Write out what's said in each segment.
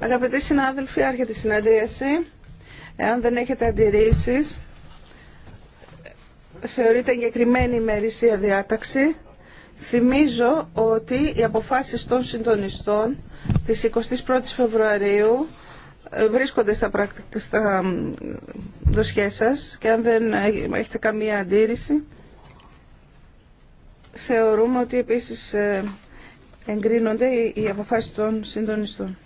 Αγαπητοί συνάδελφοι, άρχεται η συναντρίαση. Εάν δεν έχετε αντιρρήσει, θεωρείται εγκεκριμένη ημερησία διάταξη. Θυμίζω ότι οι αποφάσεις των συντονιστών της 21ης Φεβρουαρίου ε, βρίσκονται στα, πρακτικά, στα δοσιέ σας και αν δεν έχετε καμία αντίρρηση θεωρούμε ότι επίσης ε, εγκρίνονται οι αποφάσεις των συντονιστών.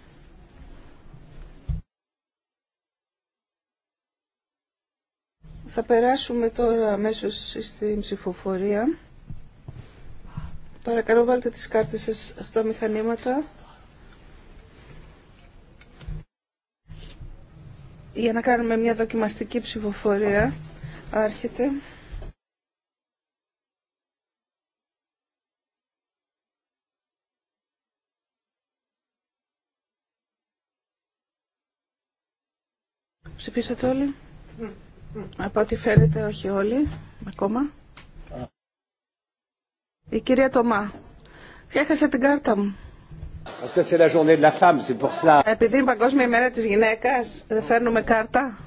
Θα περάσουμε τώρα μέσω στην ψηφοφορία. Παρακαλώ βάλτε τις κάρτες σας στα μηχανήματα. Για να κάνουμε μια δοκιμαστική ψηφοφορία. Άρχεται. Ψηφίσατε όλοι. Από ό,τι φαίνεται όχι όλοι ακόμα. Η κυρία Τωμά. Έχασα την κάρτα μου. Επειδή είναι Παγκόσμια ημέρα της γυναίκας, δεν φέρνουμε κάρτα.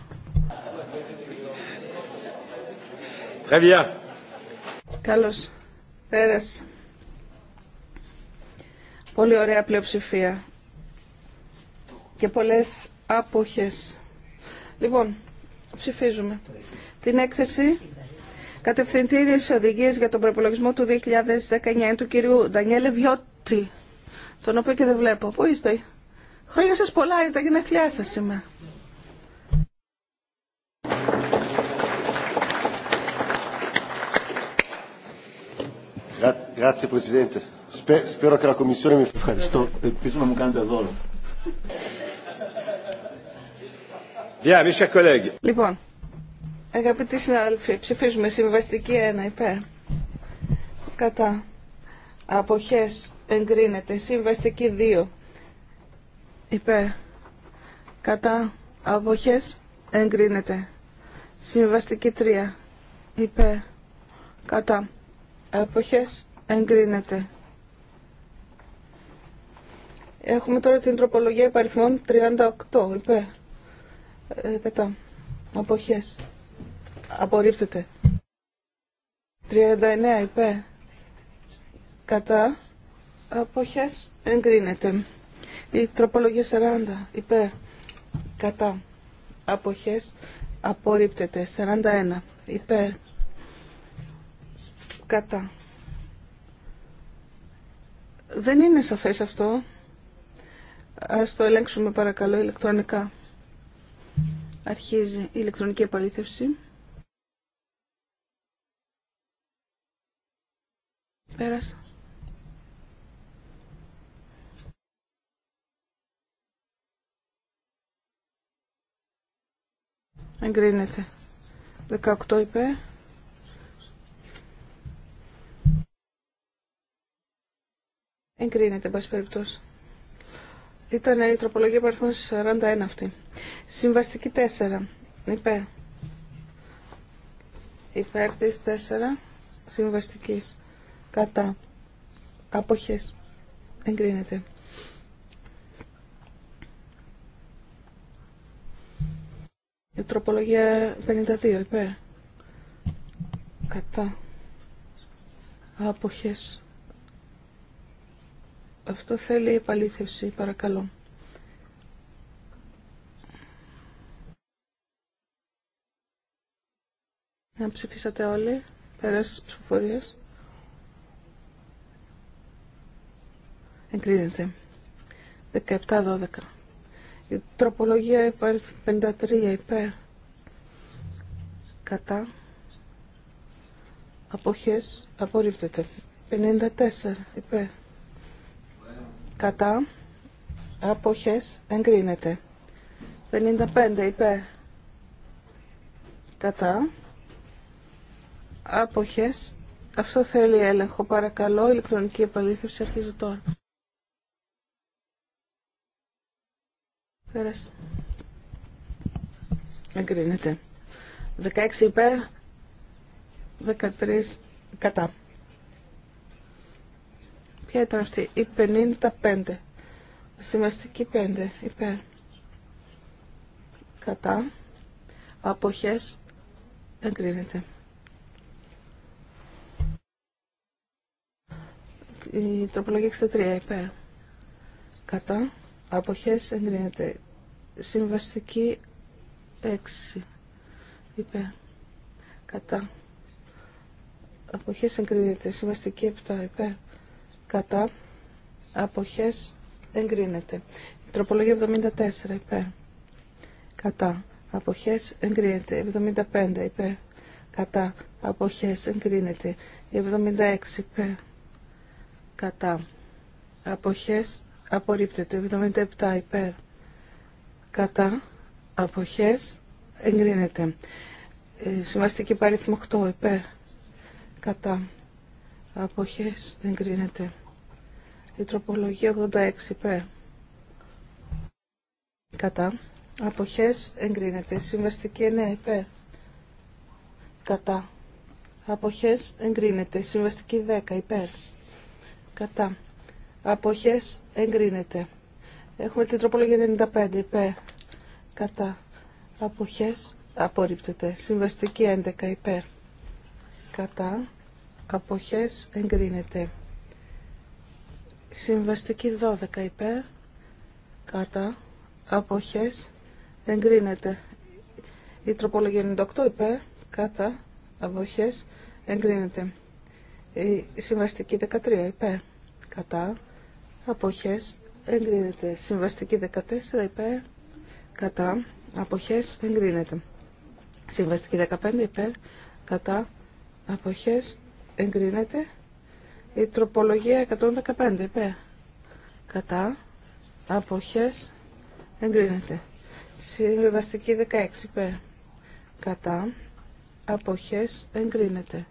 Très Καλώς. Πέρασε. Πολύ ωραία πλειοψηφία. Και πολλές άποχες. Λοιπόν, ψηφίζουμε. Την έκθεση κατευθυντήριες οδηγίες για τον προπολογισμό του 2019 του κυρίου Ντανιέλε Βιώτη, τον οποίο και δεν βλέπω. Πού είστε? Χρόνια σας πολλά, είναι τα γενέθλιά σας σήμερα. Ευχαριστώ. Ελπίζω να μου κάνετε δώρο. Yeah, λοιπόν, αγαπητοί συνάδελφοι, ψηφίζουμε συμβαστική 1 υπέρ. Κατά. Αποχές εγκρίνεται. Συμβαστική 2 υπέρ. Κατά. Αποχές εγκρίνεται. Συμβαστική 3 υπέρ. Κατά. Αποχές εγκρίνεται. Έχουμε τώρα την τροπολογία υπαριθμών 38 υπέρ ε, κατά. Αποχές. Απορρίπτεται. 39 υπέρ. Κατά. Αποχές. Εγκρίνεται. Η τροπολογία 40 υπέρ. Κατά. Αποχές. Απορρίπτεται. 41 υπέρ. Κατά. Δεν είναι σαφές αυτό. Ας το ελέγξουμε παρακαλώ ηλεκτρονικά. Αρχίζει η ηλεκτρονική επαλήθευση. Πέρασα. Εγκρίνεται. 18 είπε. Εγκρίνεται, εν πάση περιπτώσει. Ήταν η τροπολογία παριθμών 41 αυτή. Συμβαστική 4. Υπέρ. Υπέρ 4 συμβαστικής. Κατά. Αποχέ. Εγκρίνεται. Η τροπολογία 52. Υπέρ. Κατά. Αποχές. Αυτό θέλει επαλήθευση, παρακαλώ. Να ψηφίσατε όλοι, πέρασε τις ψηφοφορίες. Εγκρίνεται. 17-12. Η τροπολογία υπάρχει 53 υπέρ. Κατά. Αποχές απορρίπτεται. 54 υπέρ κατά αποχές εγκρίνεται 55 υπέρ κατά άποχες αυτό θέλει έλεγχο παρακαλώ ηλεκτρονική επαλήθευση αρχίζει τώρα πέρασε εγκρίνεται 16 υπέρ 13 κατά Ποια ήταν αυτή, η 55. Συμβαστική 5, υπέρ. Κατά. Αποχές εγκρίνεται. Η τροπολογία 63, υπέρ. Κατά. Αποχές εγκρίνεται. Συμβαστική 6, υπέρ. Κατά. Αποχές εγκρίνεται. Συμβαστική 7, υπέρ κατά αποχές εγκρίνεται. Τροπολογία 74 υπέρ κατά αποχές εγκρίνεται. 75 υπέρ κατά αποχές εγκρίνεται. 76 υπέρ κατά αποχές απορρίπτεται. 77 υπέρ κατά αποχές εγκρίνεται. Ε, συμβαστική παρήθμο 8 υπέρ κατά Αποχές δεν κρίνεται. Η τροπολογία 86 π. Κατά. Αποχές εγκρίνεται. συμβαστική 9 υπέρ. Κατά. Αποχές εγκρίνεται. συμβαστική 10 υπέρ. Κατά. Αποχές εγκρίνεται. Έχουμε την τροπολογία 95 υπέρ. Κατά. Αποχές απορρίπτεται. Συμβαστική 11 υπέρ. Κατά αποχές εγκρίνεται. Συμβαστική 12 υπέρ, κατά, αποχές εγκρίνεται. Η τροπολογία 98 υπέρ, κατά, αποχές εγκρίνεται. Η συμβαστική 13 υπέρ, κατά, αποχές εγκρίνεται. Συμβαστική 14 υπέρ, κατά, αποχές εγκρίνεται. Συμβαστική 15 υπέρ, κατά, αποχές εγκρίνεται η τροπολογία 115 υπέρ κατά αποχές εγκρίνεται συμβιβαστική 16 υπέρ κατά αποχές εγκρίνεται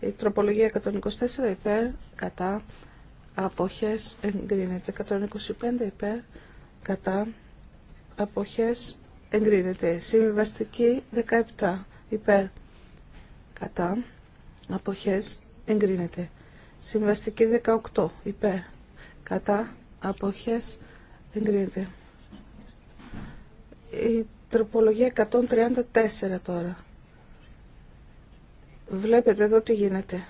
η τροπολογία 124 υπέρ κατά αποχές εγκρίνεται 125 υπέρ κατά αποχές εγκρίνεται συμβιβαστική 17 υπέρ κατά αποχές εγκρίνεται. Συμβαστική 18 υπέρ κατά αποχές εγκρίνεται. Η τροπολογία 134 τώρα. Βλέπετε εδώ τι γίνεται.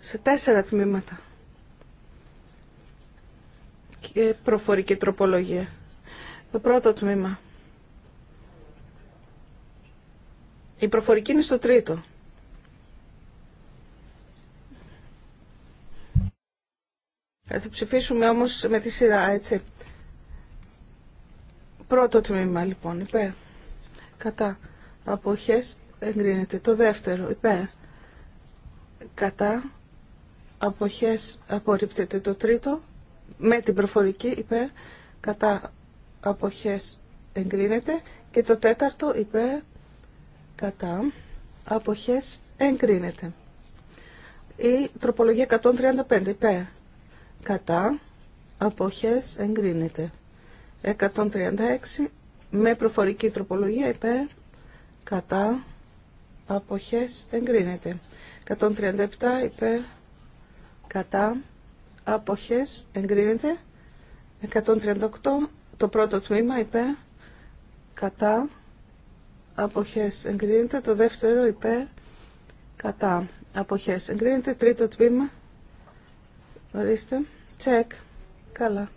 Σε τέσσερα τμήματα. Και προφορική τροπολογία. Το πρώτο τμήμα. Η προφορική είναι στο τρίτο. Θα ψηφίσουμε όμως με τη σειρά, έτσι. Πρώτο τμήμα, λοιπόν, υπέρ. Κατά. Αποχές εγκρίνεται. Το δεύτερο, υπέρ. Κατά. Αποχές απορρίπτεται. Το τρίτο, με την προφορική, υπέρ. Κατά. Αποχές εγκρίνεται. Και το τέταρτο, υπέρ. Κατά. Αποχές εγκρίνεται. Η τροπολογία 135, υπέρ κατά αποχές εγκρίνεται 136 με προφορική τροπολογία υπέρ κατά αποχές εγκρίνεται 137 υπέρ κατά αποχές εγκρίνεται 138 το πρώτο τμήμα υπέρ κατά αποχές εγκρίνεται το δεύτερο υπέρ κατά αποχές εγκρίνεται τρίτο τμήμα ορίστε Τσεκ. Καλά.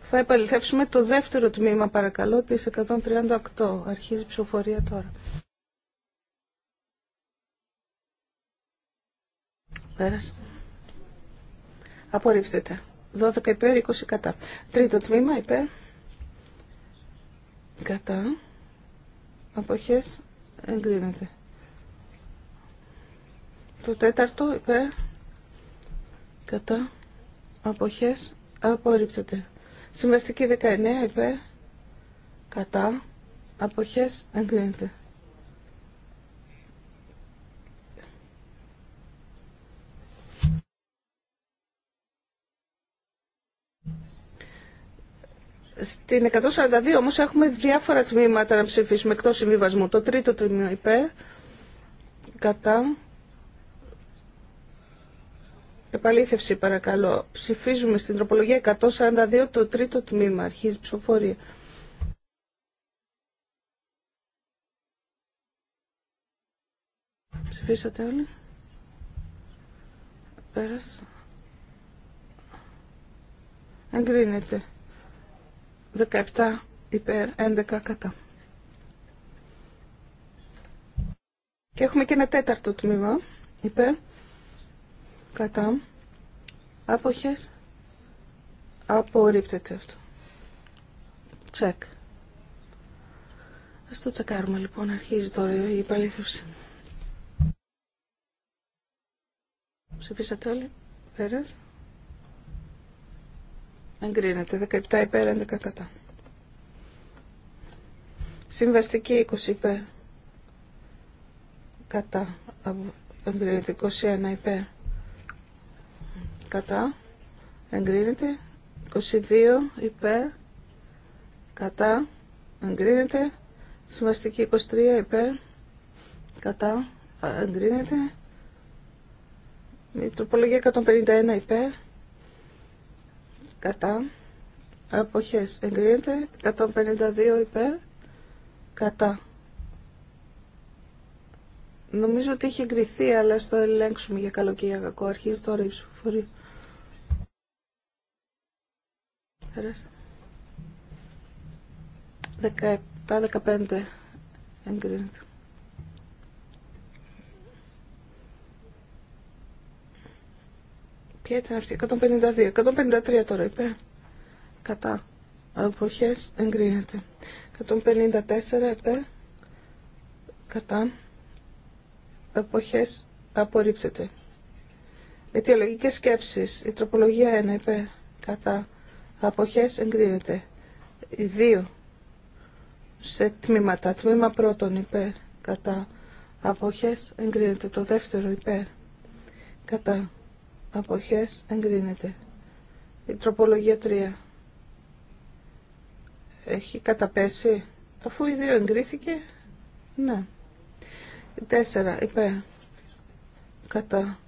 Θα επαληθεύσουμε το δεύτερο τμήμα, παρακαλώ, τη 138. Αρχίζει η ψηφοφορία τώρα. Πέρασε. Απορρίφτεται. 12 υπέρ, 20 κατά. Τρίτο τμήμα υπέρ. Κατά. Αποχές εγκρίνεται. Το τέταρτο υπέρ. Κατά αποχές απορρίπτεται. Συμβαστική 19 υπέρ κατά αποχές εγκρίνεται. Στην 142 όμως έχουμε διάφορα τμήματα να ψηφίσουμε εκτός συμβιβασμού. Το τρίτο τμήμα υπέ. κατά, Επαλήθευση παρακαλώ. Ψηφίζουμε στην τροπολογία 142 το τρίτο τμήμα. Αρχίζει η ψηφοφορία. Ψηφίσατε όλοι. Πέρασα. Εγκρίνεται. 17 υπέρ 11 κατά. Και έχουμε και ένα τέταρτο τμήμα υπέρ κατά άποχες απορρίπτεται αυτό. Τσεκ. Ας το τσεκάρουμε λοιπόν, αρχίζει τώρα η επαλήθευση. Ψηφίσατε όλοι, πέρας. Εγκρίνεται, 17 υπέρ, 11 κατά. Συμβαστική 20 υπέρ. Κατά. Εγκρίνεται 21 υπέρ κατά εγκρίνεται 22 υπέρ κατά εγκρίνεται συμβαστική 23 υπέρ κατά εγκρίνεται η τροπολογία 151 υπέρ κατά αποχές εγκρίνεται 152 υπέρ κατά Νομίζω ότι έχει εγκριθεί, αλλά στο ελέγξουμε για καλό και για κακό. Αρχίζει τώρα η ψηφοφορία. 17 17-15 εγκρίνεται. Ποια ήταν αυτή, 152, 153 τώρα είπε. Κατά. εποχές εγκρίνεται. 154 είπε. Κατά. εποχές απορρίπτεται. Αιτιολογικές σκέψεις. Η τροπολογία 1 είπε. Κατά αποχές εγκρίνεται. δύο σε τμήματα. Τμήμα πρώτον υπέρ κατά αποχές εγκρίνεται. Το δεύτερο υπέρ κατά αποχές εγκρίνεται. Η τροπολογία τρία έχει καταπέσει αφού οι δύο εγκρίθηκε. Ναι. Τέσσερα υπέρ κατά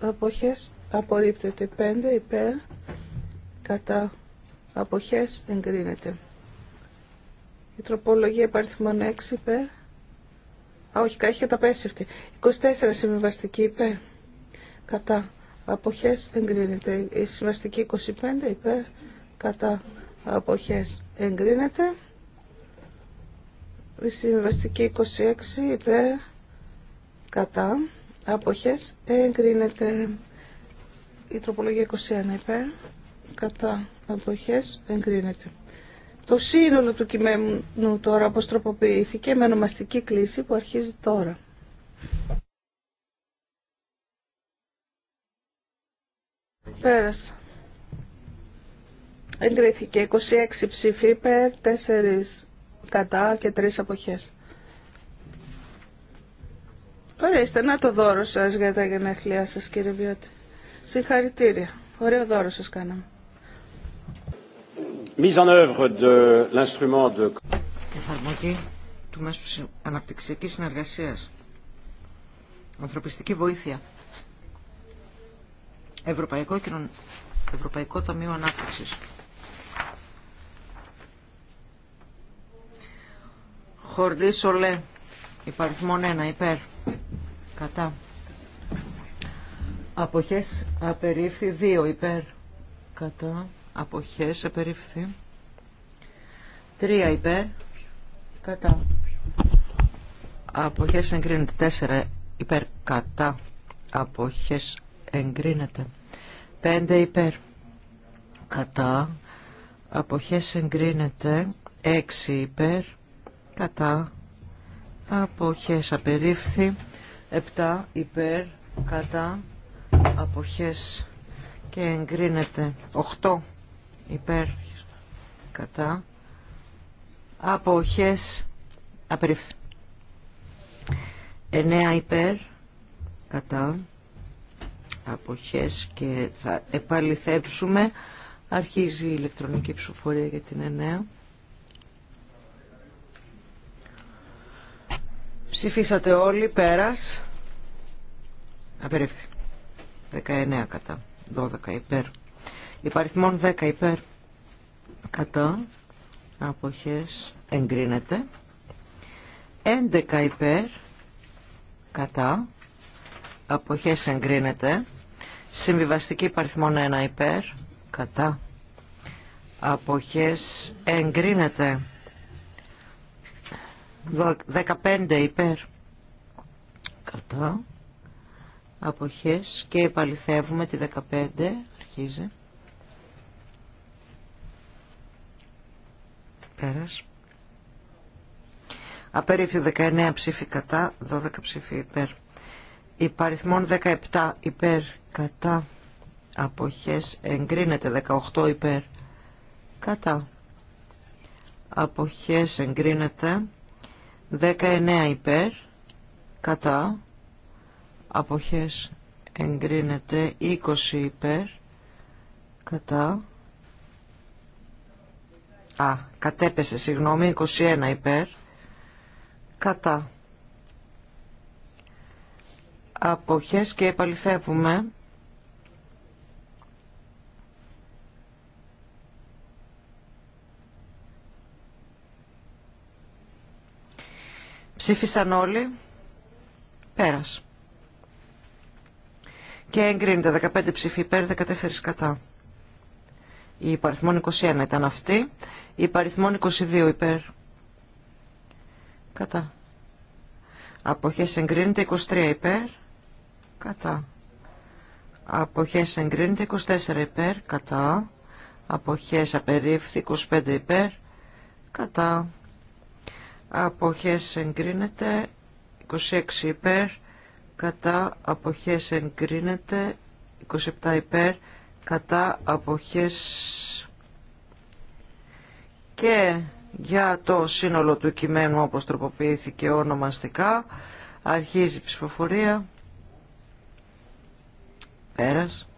αποχές απορρίπτεται. Πέντε υπέρ κατά αποχές εγκρίνεται. Η τροπολογία μόνο 6 υπέρ. Α, όχι, έχει καταπέσει αυτή. 24 συμβιβαστική υπέρ. Κατά αποχές εγκρίνεται. Η συμβαστική 25 υπέρ. Κατά αποχές εγκρίνεται. Η συμβαστική 26 υπέρ. Κατά αποχές εγκρίνεται. Η τροπολογία 21 υπέρ κατά αποχές εγκρίνεται. Το σύνολο του κειμένου τώρα αποστροποποιήθηκε με ονομαστική κλίση που αρχίζει τώρα. Πέρασα. Εγκρίθηκε 26 ψήφοι υπέρ, 4 κατά και 3 αποχές. Ορίστε, να το δώρο σας για τα γενέθλιά σας κύριε Βιώτη. Συγχαρητήρια. Ωραίο δώρο σας κάναμε mise en œuvre de l'instrument de εφαρμογή του μέσου αναπτυξιακής συνεργασίας ανθρωπιστική βοήθεια Ευρωπαϊκό, Κοινων... Ευρωπαϊκό Ταμείο Ανάπτυξης Χορδί Σολέ υπαριθμόν 1 υπέρ κατά Αποχές απερίφθη 2 υπέρ κατά αποχές απερίφθη 3 υπέρ κατά αποχές εγκρίνεται 4 υπέρ κατά αποχές εγκρίνεται 5 υπέρ κατά αποχές εγκρίνεται 6 υπέρ κατά αποχές απερίφθη 7 υπέρ κατά αποχές και εγκρίνεται 8 υπέρ κατά αποχές απεριφθή 9 υπέρ κατά αποχές και θα επαληθεύσουμε αρχίζει η ηλεκτρονική ψηφοφορία για την 9 ψηφίσατε όλοι πέρας απερίφθη 19 κατά 12 υπέρ Υπαριθμόν 10 υπέρ κατά αποχές εγκρίνεται. 11 υπέρ κατά αποχές εγκρίνεται. Συμβιβαστική υπαριθμόν 1 υπέρ κατά αποχές εγκρίνεται. 15 υπέρ κατά αποχές και επαληθεύουμε τη 15 αρχίζει Πέρας. Απέριφθη 19 ψήφοι κατά, 12 ψήφι υπέρ. Υπαριθμών 17 υπέρ κατά. Αποχές εγκρίνεται 18 υπέρ κατά. Αποχές εγκρίνεται 19 υπέρ κατά. Αποχές εγκρίνεται 20 υπέρ κατά Α, κατέπεσε, συγγνώμη, 21 υπέρ. Κατά. Αποχές και επαληθεύουμε. Ψήφισαν όλοι. Πέρας. Και εγκρίνεται 15 ψηφι υπέρ, 14 κατά. Η υπαριθμόν 21 ήταν αυτή. Υπαριθμών 22 υπέρ. Κατά. Αποχές εγκρίνεται 23 υπέρ. Κατά. Αποχές εγκρίνεται 24 υπέρ. Κατά. Αποχές απερίφθη 25 υπέρ. Κατά. Αποχές εγκρίνεται 26 υπέρ. Κατά. Αποχές εγκρίνεται 27 υπέρ. Κατά. Αποχές και για το σύνολο του κειμένου όπως τροποποιήθηκε ονομαστικά. Αρχίζει η ψηφοφορία. Πέρας.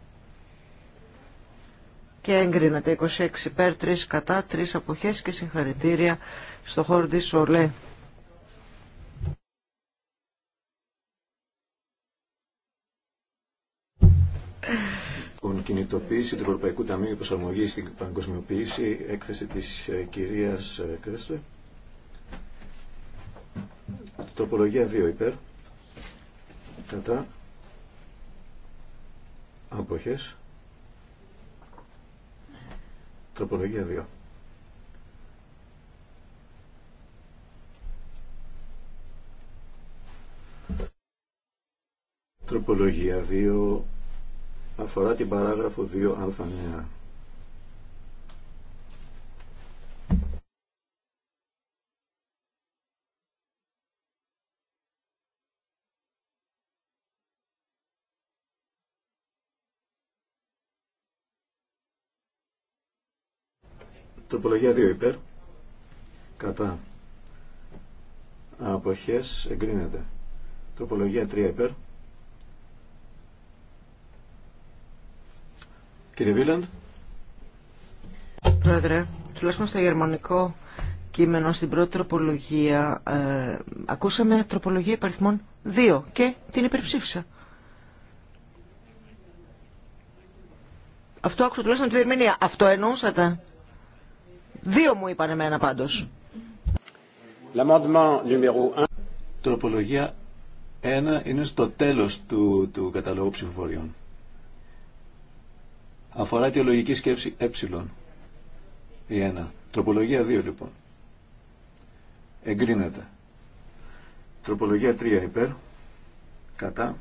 Και έγκρινατε 26 υπέρ, 3 κατά, 3 αποχές και συγχαρητήρια στο χώρο της Ολέ. κινητοποίηση του Ευρωπαϊκού Ταμείου Προσαρμογή στην Παγκοσμιοποίηση, έκθεση τη ε, κυρία ε, Κρέσλε. Τροπολογία 2 υπέρ. Κατά. Αποχέ. Τροπολογία 2. Τροπολογία 2 αφορά την παράγραφο 2α9. Ναι. Τροπολογία 2 υπέρ. Κατά. Αποχές εγκρίνεται. Τροπολογία 3 υπέρ. Κύριε Βίλαντ. Πρόεδρε, τουλάχιστον στο γερμανικό κείμενο, στην πρώτη τροπολογία, ε, ακούσαμε τροπολογία υπαριθμών 2 και την υπερψήφισα. Αυτό άκουσα τουλάχιστον τη διερμηνία. Αυτό εννοούσατε. Δύο μου είπαν εμένα πάντως. Τροπολογία 1 είναι στο τέλος του, του καταλόγου ψηφοφοριών αφορά τη λογική σκέψη ε. Η 1. Τροπολογία 2 λοιπόν. Εγκρίνεται. Τροπολογία 3 υπέρ. Κατά.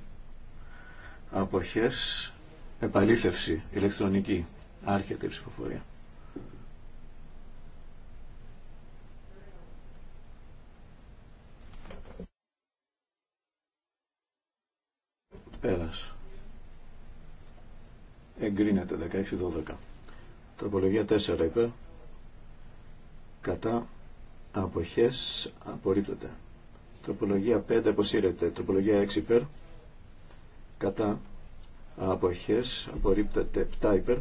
Αποχές. Επαλήθευση ηλεκτρονική. Άρχεται η ψηφοφορία. Πέρασε εγκρίνεται 16-12. Τροπολογία 4 υπέρ κατά αποχές απορρίπτεται. Τροπολογία 5 αποσύρεται. Τροπολογία 6 υπέρ κατά αποχές απορρίπτεται 7 υπέρ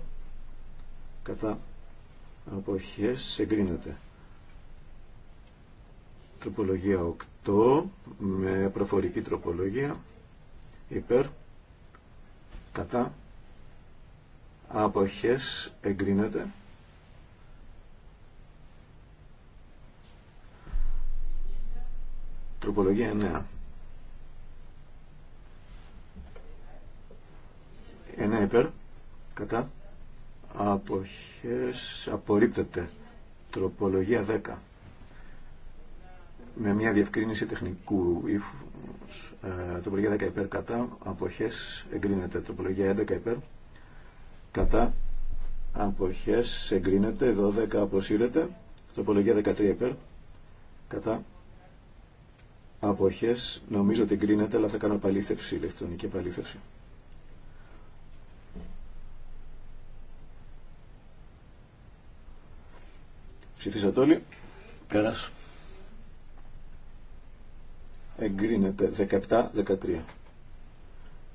κατά αποχές εγκρίνεται. Τροπολογία 8 με προφορική τροπολογία υπέρ κατά αποχές εγκρίνεται τροπολογία 9 9 υπέρ κατά αποχές απορρίπτεται τροπολογία 10 με μια διευκρίνηση τεχνικού ύφου ε, τροπολογία 10 υπέρ κατά αποχές εγκρίνεται τροπολογία 11 υπέρ κατά αποχές εγκρίνεται 12 αποσύρεται τροπολογία 13 υπέρ κατά αποχές νομίζω ότι εγκρίνεται αλλά θα κανω παληθευση επαλήθευση ηλεκτρονική επαλήθευση ψηφίσατε όλοι πέρας εγκρίνεται 17-13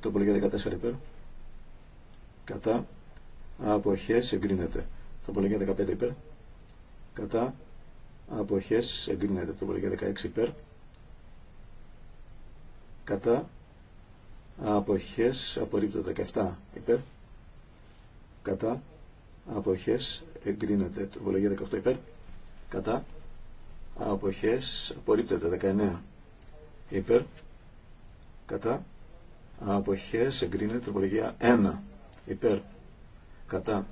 τροπολογία 14 υπέρ κατά αποχές εγκρίνεται. το Τροπολογία 15 υπέρ. Κατά αποχές εγκρίνεται. το Τροπολογία 16 υπέρ. Κατά αποχές απορρίπτεται. 17 υπέρ. Κατά αποχές εγκρίνεται. το Τροπολογία 18 υπέρ. Κατά αποχές απορρίπτεται. 19 υπέρ. Κατά αποχές εγκρίνεται. Τροπολογία 1 υπέρ κατά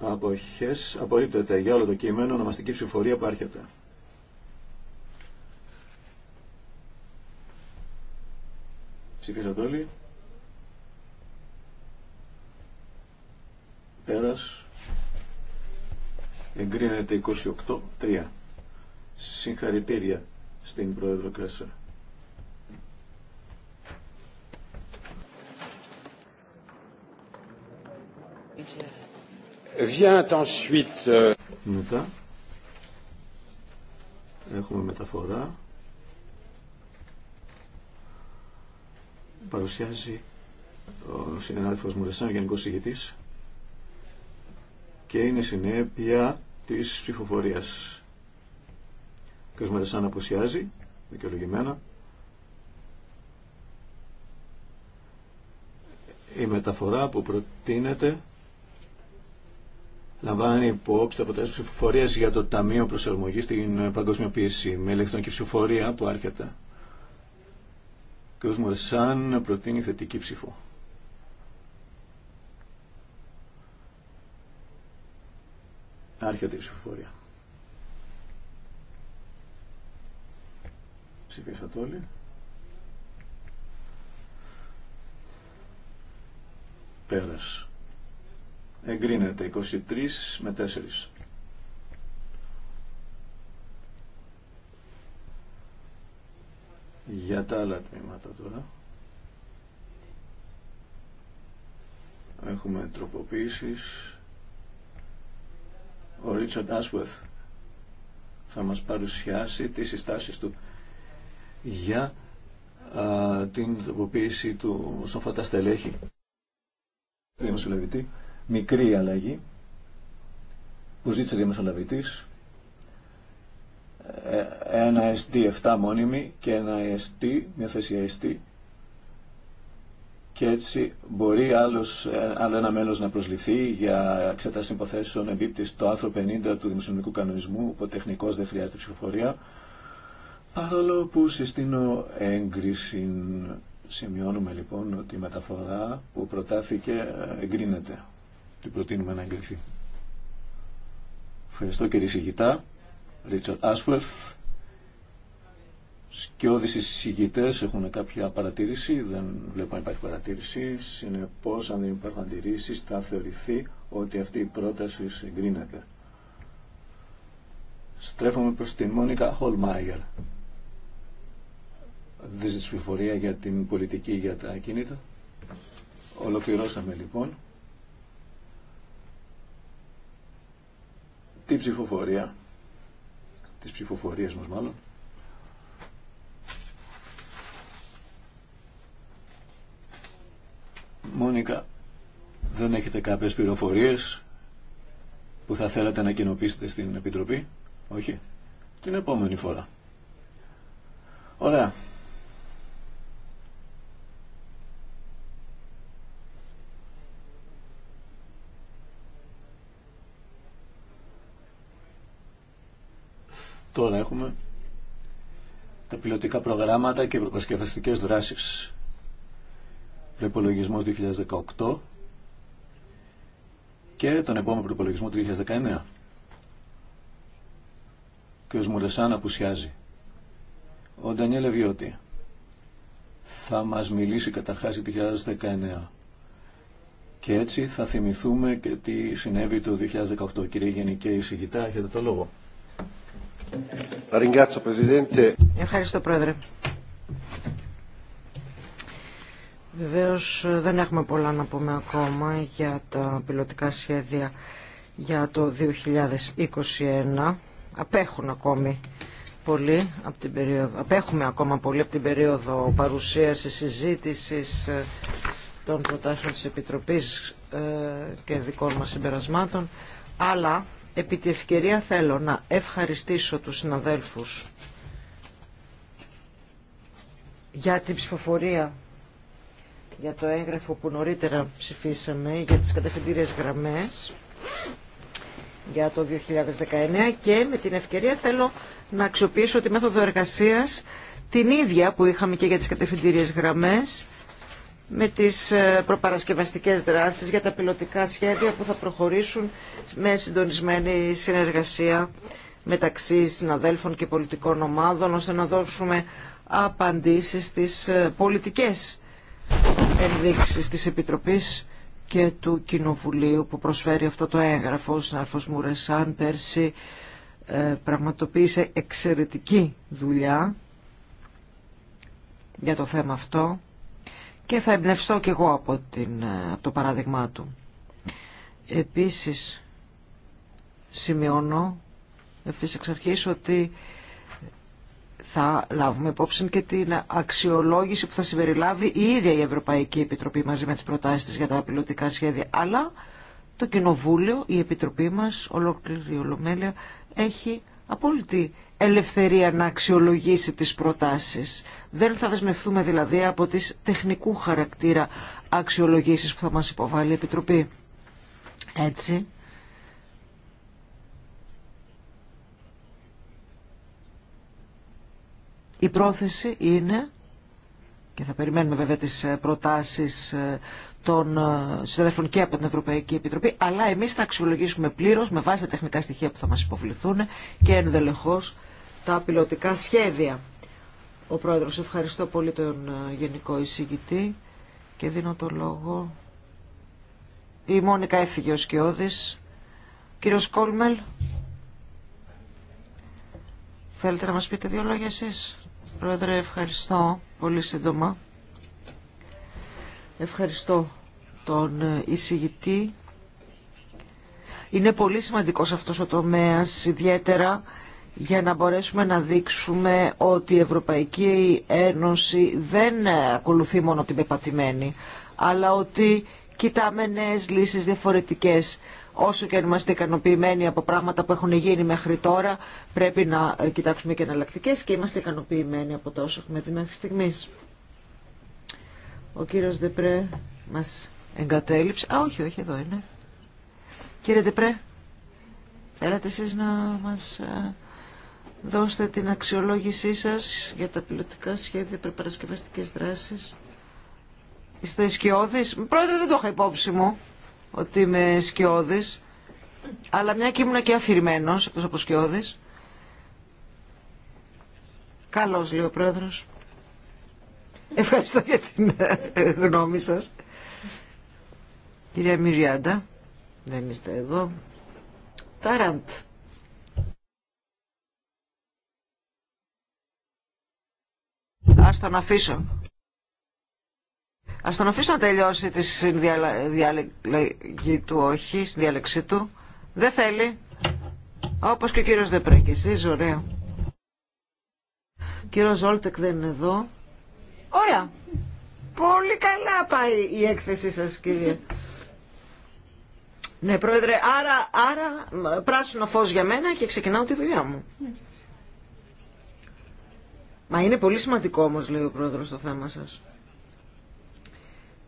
αποχές απορρίπτεται για όλο το κείμενο ονομαστική ψηφορία που άρχεται. Ψηφίσατε όλοι. Πέρας. Εγκρίνεται 28-3. Συγχαρητήρια στην Πρόεδρο Κρέσσα. Vient ensuite... Euh, Μετά έχουμε μεταφορά παρουσιάζει ο συνάδελφος Μουρεσάν, Γενικο Συγητή και είναι συνέπεια της ψηφοφορία Ο κ. Μουρεσάν αποσιάζει, δικαιολογημένα. Η μεταφορά που προτείνεται λαμβάνει υπόψη τα αποτέλεσμα ψηφοφορία για το Ταμείο Προσαρμογή στην Παγκοσμιοποίηση με ηλεκτρονική ψηφοφορία που άρχεται. Ο κ. προτείνει θετική ψήφο. Άρχεται η ψηφοφορία. Ψηφίσατε όλοι. Πέρασε εγκρίνεται 23 με 4 για τα άλλα τμήματα τώρα έχουμε τροποποίησεις ο Ρίτσοντ Άσουεθ θα μας παρουσιάσει τις συστάσεις του για την τροποποίηση του σοφατά στελέχη μικρή αλλαγή που ζήτησε ο διαμεσολαβητής ε, ένα ST7 μόνιμη και ένα SD, μια θέση SD και έτσι μπορεί άλλος, ε, άλλο ένα μέλος να προσληφθεί για εξέταση υποθέσεων εμπίπτει στο άρθρο 50 του Δημοσιονομικού Κανονισμού, που τεχνικός δεν χρειάζεται ψηφοφορία. Παρόλο που συστήνω έγκριση, σημειώνουμε λοιπόν ότι η μεταφορά που προτάθηκε ε, εγκρίνεται την προτείνουμε να εγκριθεί. Ευχαριστώ κύριε Σιγητά, Ρίτσαρτ Άσφουεφ. Σκιώδηση εισηγητές έχουν κάποια παρατήρηση, δεν βλέπω αν υπάρχει παρατήρηση. Συνεπώς, αν δεν υπάρχουν αντιρρήσεις, θα θεωρηθεί ότι αυτή η πρόταση συγκρίνεται. Στρέφομαι προς την Μόνικα Χολμάιερ. Δεν ζητήσω για την πολιτική για τα ακίνητα. Ολοκληρώσαμε λοιπόν. την ψηφοφορία, τις ψηφοφορίες μας μάλλον. Μόνικα, δεν έχετε κάποιες πληροφορίες που θα θέλατε να κοινοποιήσετε στην Επιτροπή. Όχι. Την επόμενη φορά. Ωραία. Τώρα έχουμε τα πιλωτικά προγράμματα και προσκευαστικές δράσεις. Προϋπολογισμός 2018 και τον επόμενο προπολογισμό του 2019. Και ο Σμουρεσάν απουσιάζει. Ο Ντανιέλ Εβιώτη θα μας μιλήσει καταρχάς για 2019. Και έτσι θα θυμηθούμε και τι συνέβη το 2018. Κύριε Γενικέ εισηγητά, έχετε το λόγο. Ευχαριστώ, Πρόεδρε. Βεβαίως δεν έχουμε πολλά να πούμε ακόμα για τα πιλωτικά σχέδια για το 2021. Απέχουν ακόμη πολύ από την περίοδο, απέχουμε ακόμα πολύ από την περίοδο παρουσίασης συζήτησης ε, των προτάσεων της Επιτροπής ε, και δικών μας συμπερασμάτων, αλλά Επί τη ευκαιρία θέλω να ευχαριστήσω τους συναδέλφους για την ψηφοφορία για το έγγραφο που νωρίτερα ψηφίσαμε για τις κατευθυντήριες γραμμές για το 2019 και με την ευκαιρία θέλω να αξιοποιήσω τη μέθοδο εργασίας την ίδια που είχαμε και για τις κατευθυντήριες γραμμές με τις ε, προπαρασκευαστικές δράσεις για τα πιλωτικά σχέδια που θα προχωρήσουν με συντονισμένη συνεργασία μεταξύ συναδέλφων και πολιτικών ομάδων ώστε να δώσουμε απαντήσεις στις ε, πολιτικές ενδείξεις της Επιτροπής και του Κοινοβουλίου που προσφέρει αυτό το έγγραφο. Ο συνάρφος Μουρεσάν πέρσι ε, πραγματοποίησε εξαιρετική δουλειά για το θέμα αυτό και θα εμπνευστώ κι εγώ από, την, ε, το παράδειγμά του. Επίσης, σημειώνω ευθύς εξ αρχής ότι θα λάβουμε υπόψη και την αξιολόγηση που θα συμπεριλάβει η ίδια η Ευρωπαϊκή Επιτροπή μαζί με τις προτάσεις της για τα πιλωτικά σχέδια. Αλλά το Κοινοβούλιο, η Επιτροπή μας, ολόκληρη η Ολομέλεια, έχει απόλυτη ελευθερία να αξιολογήσει τις προτάσεις δεν θα δεσμευτούμε δηλαδή από τις τεχνικού χαρακτήρα αξιολογήσεις που θα μας υποβάλει η Επιτροπή. Έτσι, η πρόθεση είναι, και θα περιμένουμε βέβαια τις ε, προτάσεις ε, των ε, συναδέλφων και από την Ευρωπαϊκή Επιτροπή, αλλά εμείς θα αξιολογήσουμε πλήρως με βάση τα τεχνικά στοιχεία που θα μας υποβληθούν και ενδελεχώς τα πιλωτικά σχέδια ο Πρόεδρος. Ευχαριστώ πολύ τον ε, Γενικό Εισηγητή και δίνω το λόγο. Η Μόνικα έφυγε ο Σκιώδης. Κύριος Κόλμελ, θέλετε να μας πείτε δύο λόγια εσείς. Πρόεδρε, ευχαριστώ πολύ σύντομα. Ευχαριστώ τον ε, εισηγητή. Είναι πολύ σημαντικός αυτός ο τομέας, ιδιαίτερα για να μπορέσουμε να δείξουμε ότι η Ευρωπαϊκή Ένωση δεν ακολουθεί μόνο την πεπατημένη, αλλά ότι κοιτάμε νέες λύσεις διαφορετικές. Όσο και αν είμαστε ικανοποιημένοι από πράγματα που έχουν γίνει μέχρι τώρα, πρέπει να ε, κοιτάξουμε και εναλλακτικέ και είμαστε ικανοποιημένοι από τα όσα έχουμε δει μέχρι στιγμή. Ο κύριος Δεπρέ μας εγκατέλειψε. Α, όχι, όχι, εδώ είναι. Κύριε Δεπρέ, θέλατε εσείς να μας ε, δώστε την αξιολόγησή σας για τα πιλωτικά σχέδια προπαρασκευαστικές δράσεις. Είστε σκιώδης. Πρόεδρε δεν το είχα υπόψη μου ότι είμαι σκιώδης. Αλλά μια και ήμουν και αφηρημένος εκτός από σκιώδης. Καλώς λέει ο πρόεδρος. Ευχαριστώ για την γνώμη σας. Κυρία Μυριάντα, δεν είστε εδώ. Τάραντ. Ας τον αφήσω. Ας τον αφήσω να τελειώσει τη του όχι, συνδιαλεξή του. Δεν θέλει. Όπως και ο κύριος Δεπρέκης. εσείς, ωραία. Ο Ζόλτεκ δεν είναι εδώ. Ωραία. Πολύ καλά πάει η έκθεσή σας κύριε. Ναι, πρόεδρε, άρα, άρα πράσινο φως για μένα και ξεκινάω τη δουλειά μου. Μα είναι πολύ σημαντικό όμως, λέει ο πρόεδρος, το θέμα σας.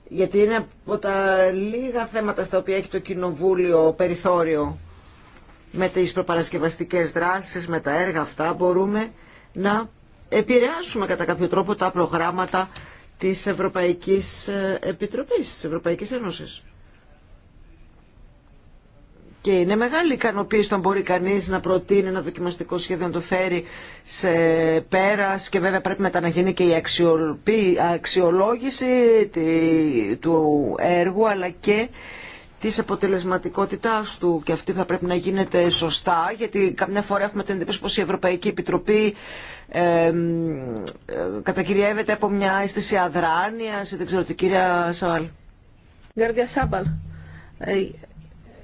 Γιατί είναι από τα λίγα θέματα στα οποία έχει το κοινοβούλιο περιθώριο με τις προπαρασκευαστικές δράσεις, με τα έργα αυτά, μπορούμε να επηρεάσουμε κατά κάποιο τρόπο τα προγράμματα της Ευρωπαϊκής Επιτροπής, της Ευρωπαϊκής Ένωσης. Και είναι μεγάλη ικανοποίηση όταν μπορεί κανεί να προτείνει ένα δοκιμαστικό σχέδιο να το φέρει σε πέρα και βέβαια πρέπει μετά να γίνει και η αξιολόγηση του έργου αλλά και τη αποτελεσματικότητά του και αυτή θα πρέπει να γίνεται σωστά γιατί καμιά φορά έχουμε την εντύπωση πω η Ευρωπαϊκή Επιτροπή ε, ε, κατακυριεύεται από μια αίσθηση αδράνειας δεν ξέρω τι κυρία Σαβάλ. Σάμπαλ. Ε,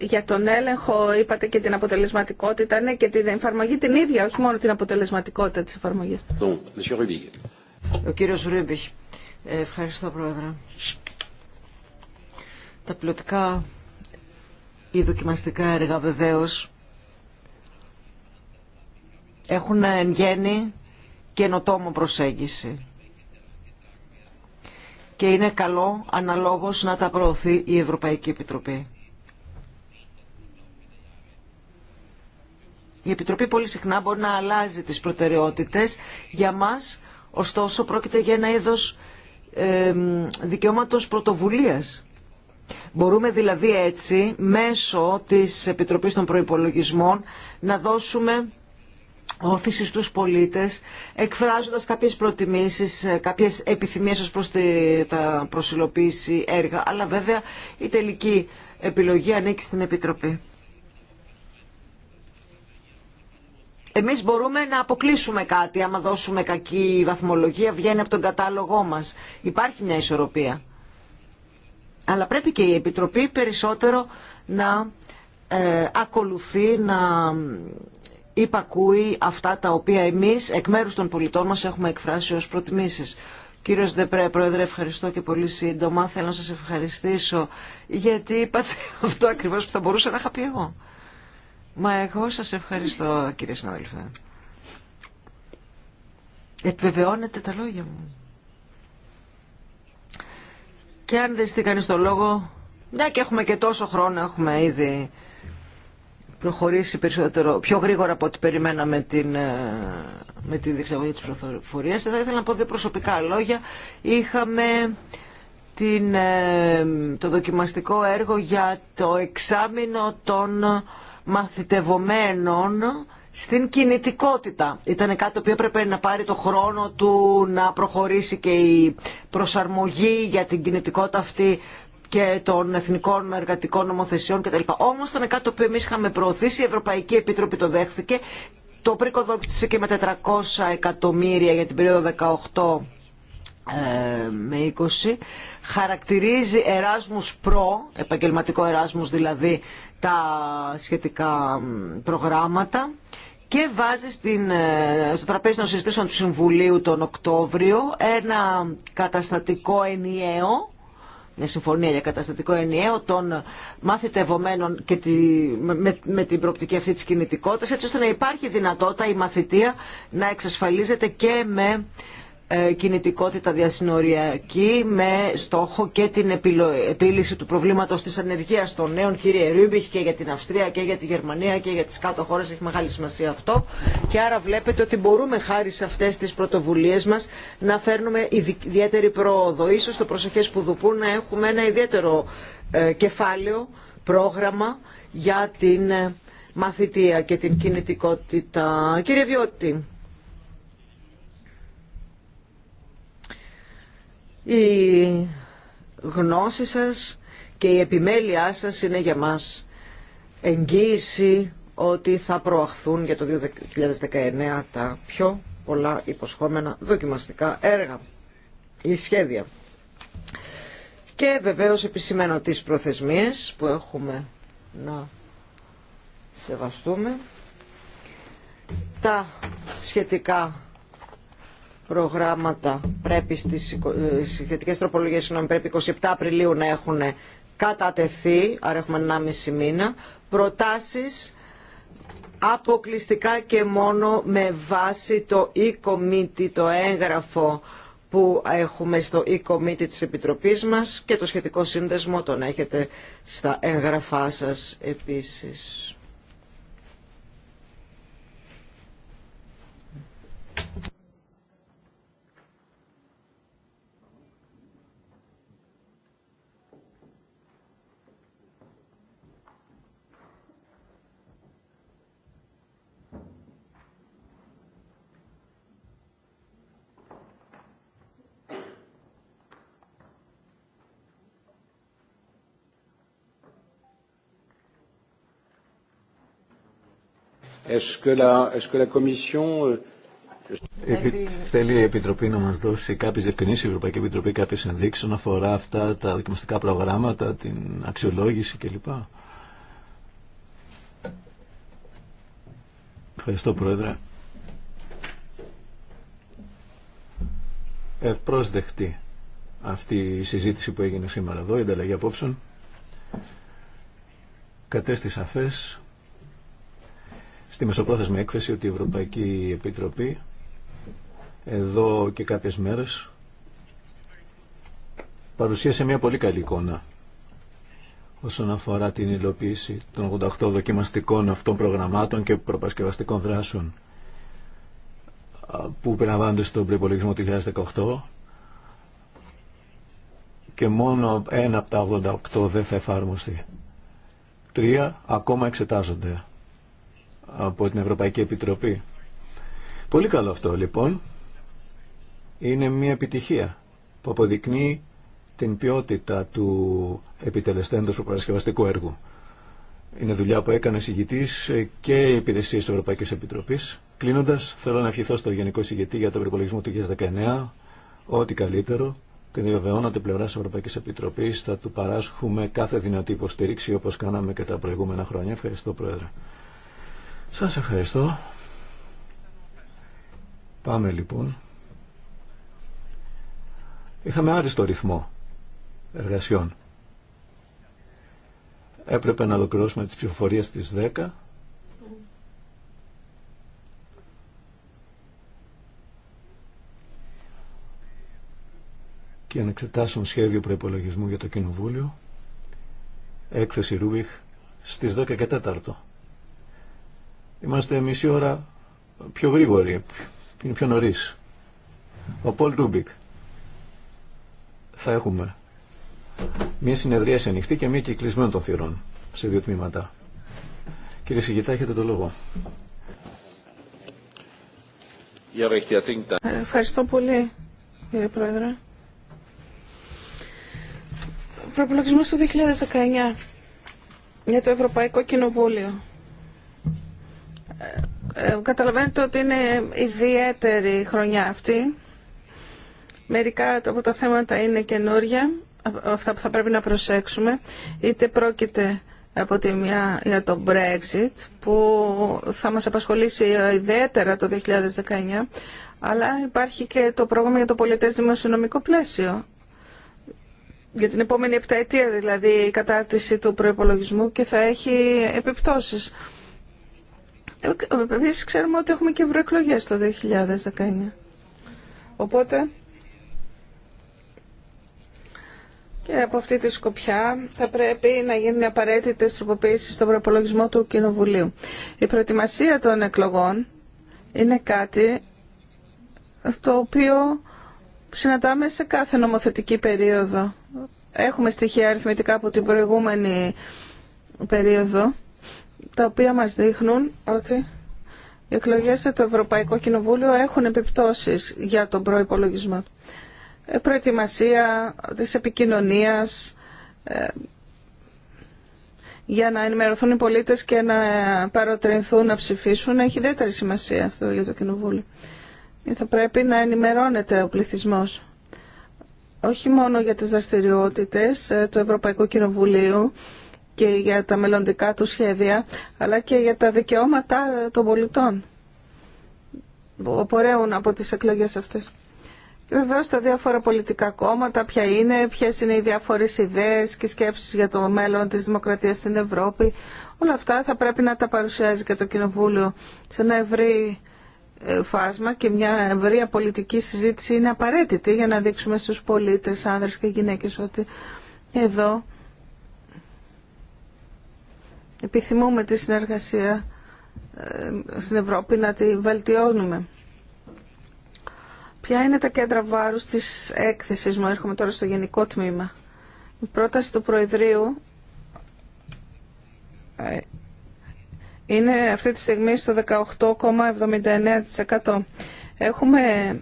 για τον έλεγχο, είπατε και την αποτελεσματικότητα, ναι, και την εφαρμογή την ίδια, όχι μόνο την αποτελεσματικότητα της εφαρμογής. Ο κύριος Ρούμπιχ. Ευχαριστώ, Πρόεδρε. Τα πιλωτικά ή δοκιμαστικά έργα βεβαίως έχουν εν γέννη καινοτόμο προσέγγιση. Και είναι καλό αναλόγως να τα προωθεί η Ευρωπαϊκή Επιτροπή. Η Επιτροπή πολύ συχνά μπορεί να αλλάζει τις προτεραιότητες. Για μας, ωστόσο, πρόκειται για ένα είδος ε, δικαιώματος πρωτοβουλίας. Μπορούμε δηλαδή έτσι, μέσω της Επιτροπής των Προϋπολογισμών, να δώσουμε όθηση στους πολίτες, εκφράζοντας κάποιες προτιμήσεις, ε, κάποιες επιθυμίες ως προς τη, τα προσυλλοποίηση έργα. Αλλά βέβαια η τελική επιλογή ανήκει στην Επιτροπή. εμείς μπορούμε να αποκλείσουμε κάτι άμα δώσουμε κακή βαθμολογία βγαίνει από τον κατάλογό μας. Υπάρχει μια ισορροπία. Αλλά πρέπει και η Επιτροπή περισσότερο να ε, ακολουθεί, να υπακούει αυτά τα οποία εμείς εκ μέρους των πολιτών μας έχουμε εκφράσει ως προτιμήσεις. Κύριος Δεπρέ, Πρόεδρε, ευχαριστώ και πολύ σύντομα. Θέλω να σας ευχαριστήσω γιατί είπατε αυτό ακριβώς που θα μπορούσα να είχα πει εγώ. Μα εγώ σας ευχαριστώ κύριε συνάδελφε. Επιβεβαιώνετε τα λόγια μου. Και αν δεν κανεί το λόγο, ναι και έχουμε και τόσο χρόνο, έχουμε ήδη προχωρήσει περισσότερο, πιο γρήγορα από ό,τι περιμέναμε την, ε, με τη διεξαγωγή της προφορίας. Θα ήθελα να πω δύο προσωπικά λόγια. Είχαμε την, ε, το δοκιμαστικό έργο για το εξάμεινο των μαθητευομένων στην κινητικότητα. Ήταν κάτι το οποίο έπρεπε να πάρει το χρόνο του, να προχωρήσει και η προσαρμογή για την κινητικότητα αυτή και των εθνικών εργατικών νομοθεσιών κτλ. Όμω ήταν κάτι το οποίο εμεί είχαμε προωθήσει, η Ευρωπαϊκή Επίτροπη το δέχθηκε. Το πρικοδότησε και με 400 εκατομμύρια για την περίοδο 18 ε, με 20 χαρακτηρίζει Εράσμους Προ, επαγγελματικό Εράσμους δηλαδή, τα σχετικά προγράμματα και βάζει στην, ε, στο τραπέζι των συζητήσεων του Συμβουλίου τον Οκτώβριο ένα καταστατικό ενιαίο μια συμφωνία για καταστατικό ενιαίο των μαθητευομένων και τη, με, την προοπτική αυτή της κινητικότητας, έτσι ώστε να υπάρχει δυνατότητα η μαθητεία να εξασφαλίζεται και με ε, κινητικότητα διασυνοριακή με στόχο και την επίλυση του προβλήματος της ανεργίας των νέων κύριε Ρούμπιχ και για την Αυστρία και για τη Γερμανία και για τις κάτω χώρες έχει μεγάλη σημασία αυτό και άρα βλέπετε ότι μπορούμε χάρη σε αυτές τις πρωτοβουλίες μας να φέρνουμε ιδιαίτερη πρόοδο ίσως το προσεχές που δουπού να έχουμε ένα ιδιαίτερο ε, κεφάλαιο πρόγραμμα για την ε, μαθητεία και την κινητικότητα. Κύριε Βιώτη, Η γνώση σας και η επιμέλειά σας είναι για μας εγγύηση ότι θα προαχθούν για το 2019 τα πιο πολλά υποσχόμενα δοκιμαστικά έργα ή σχέδια. Και βεβαίως επισημαίνω τις προθεσμίες που έχουμε να σεβαστούμε. Τα σχετικά προγράμματα πρέπει στις ε, σχετικές τροπολογίες, συγγνώμη, πρέπει 27 Απριλίου να έχουν κατατεθεί, άρα έχουμε 1,5 μήνα, προτάσεις αποκλειστικά και μόνο με βάση το e-committee, το έγγραφο που έχουμε στο e-committee της Επιτροπής μας και το σχετικό σύνδεσμο τον έχετε στα έγγραφά σας επίσης. Euh, θέλει η Επιτροπή να μας δώσει κάποιες διευκρινήσεις, η Ευρωπαϊκή Επιτροπή κάποιες ενδείξεις όσον αφορά αυτά τα δοκιμαστικά προγράμματα, την αξιολόγηση κλπ. Ευχαριστώ Πρόεδρε. Ευπρόσδεκτη αυτή η συζήτηση που έγινε σήμερα εδώ, η ανταλλαγή απόψεων. Κατέστη σαφές στη μεσοπρόθεσμη έκθεση ότι η Ευρωπαϊκή Επιτροπή εδώ και κάποιες μέρες παρουσίασε μια πολύ καλή εικόνα όσον αφορά την υλοποίηση των 88 δοκιμαστικών αυτών προγραμμάτων και προπασκευαστικών δράσεων που περιλαμβάνονται στον προπολογισμό του 2018 και μόνο ένα από τα 88 δεν θα εφάρμοστεί. Τρία ακόμα εξετάζονται από την Ευρωπαϊκή Επιτροπή. Πολύ καλό αυτό λοιπόν. Είναι μια επιτυχία που αποδεικνύει την ποιότητα του επιτελεστέντος προπαρασκευαστικού έργου. Είναι δουλειά που έκανε συγητή και οι υπηρεσίε τη Ευρωπαϊκή Επιτροπή. Κλείνοντα, θέλω να ευχηθώ στο Γενικό Συγητή για τον προπολογισμό του 2019 ό,τι καλύτερο και διαβεβαιώνω ότι πλευρά τη Ευρωπαϊκή Επιτροπή θα του παράσχουμε κάθε δυνατή υποστήριξη όπω κάναμε και τα προηγούμενα χρόνια. Ευχαριστώ, Πρόεδρε. Σας ευχαριστώ. Πάμε λοιπόν. Είχαμε άριστο ρυθμό εργασιών. Έπρεπε να ολοκληρώσουμε τις ψηφοφορίες στις 10. και να εξετάσουν σχέδιο προϋπολογισμού για το Κοινοβούλιο, έκθεση Ρούβιχ στις 10 και 4. Είμαστε μισή ώρα πιο γρήγοροι, είναι πιο νωρίς. Ο Πολ Τούμπικ. Θα έχουμε μια συνεδρία σε ανοιχτή και μια κυκλισμένη των θυρών σε δύο τμήματα. Κύριε Σιγητά, έχετε το λόγο. Ε, ευχαριστώ πολύ, κύριε Πρόεδρε. Προπολογισμό του 2019 για το Ευρωπαϊκό Κοινοβούλιο. Ε, καταλαβαίνετε ότι είναι ιδιαίτερη η χρονιά αυτή. Μερικά από τα θέματα είναι καινούρια, αυτά που θα πρέπει να προσέξουμε. Είτε πρόκειται από τη μια για το Brexit, που θα μας απασχολήσει ιδιαίτερα το 2019, αλλά υπάρχει και το πρόγραμμα για το πολιτές δημοσιονομικό πλαίσιο. Για την επόμενη ετία δηλαδή η κατάρτιση του προϋπολογισμού και θα έχει επιπτώσεις. Επίση ξέρουμε ότι έχουμε και ευρωεκλογέ το 2019. Οπότε και από αυτή τη σκοπιά θα πρέπει να γίνουν απαραίτητες τροποποίησεις στον προπολογισμό του Κοινοβουλίου. Η προετοιμασία των εκλογών είναι κάτι το οποίο συναντάμε σε κάθε νομοθετική περίοδο. Έχουμε στοιχεία αριθμητικά από την προηγούμενη περίοδο τα οποία μας δείχνουν ότι οι εκλογές στο Ευρωπαϊκό Κοινοβούλιο έχουν επιπτώσεις για τον προϋπολογισμό. Ε, προετοιμασία της επικοινωνίας ε, για να ενημερωθούν οι πολίτες και να ε, παροτρινθούν να ψηφίσουν έχει ιδιαίτερη σημασία αυτό για το Κοινοβούλιο. Θα πρέπει να ενημερώνεται ο πληθυσμός όχι μόνο για τις δραστηριότητες του Ευρωπαϊκού Κοινοβουλίου και για τα μελλοντικά του σχέδια, αλλά και για τα δικαιώματα των πολιτών που απορρέουν από τις εκλογές αυτές. Και βεβαίω τα διάφορα πολιτικά κόμματα, ποια είναι, ποιε είναι οι διάφορε ιδέε και σκέψει για το μέλλον τη δημοκρατία στην Ευρώπη. Όλα αυτά θα πρέπει να τα παρουσιάζει και το Κοινοβούλιο σε ένα ευρύ ε, φάσμα και μια ευρεία πολιτική συζήτηση είναι απαραίτητη για να δείξουμε στους πολίτες, άνδρες και γυναίκες ότι εδώ Επιθυμούμε τη συνεργασία ε, στην Ευρώπη να τη βελτιώνουμε. Ποια είναι τα κέντρα βάρους της έκθεσης μου, έρχομαι τώρα στο γενικό τμήμα. Η πρόταση του Προεδρείου ε, είναι αυτή τη στιγμή στο 18,79%. Έχουμε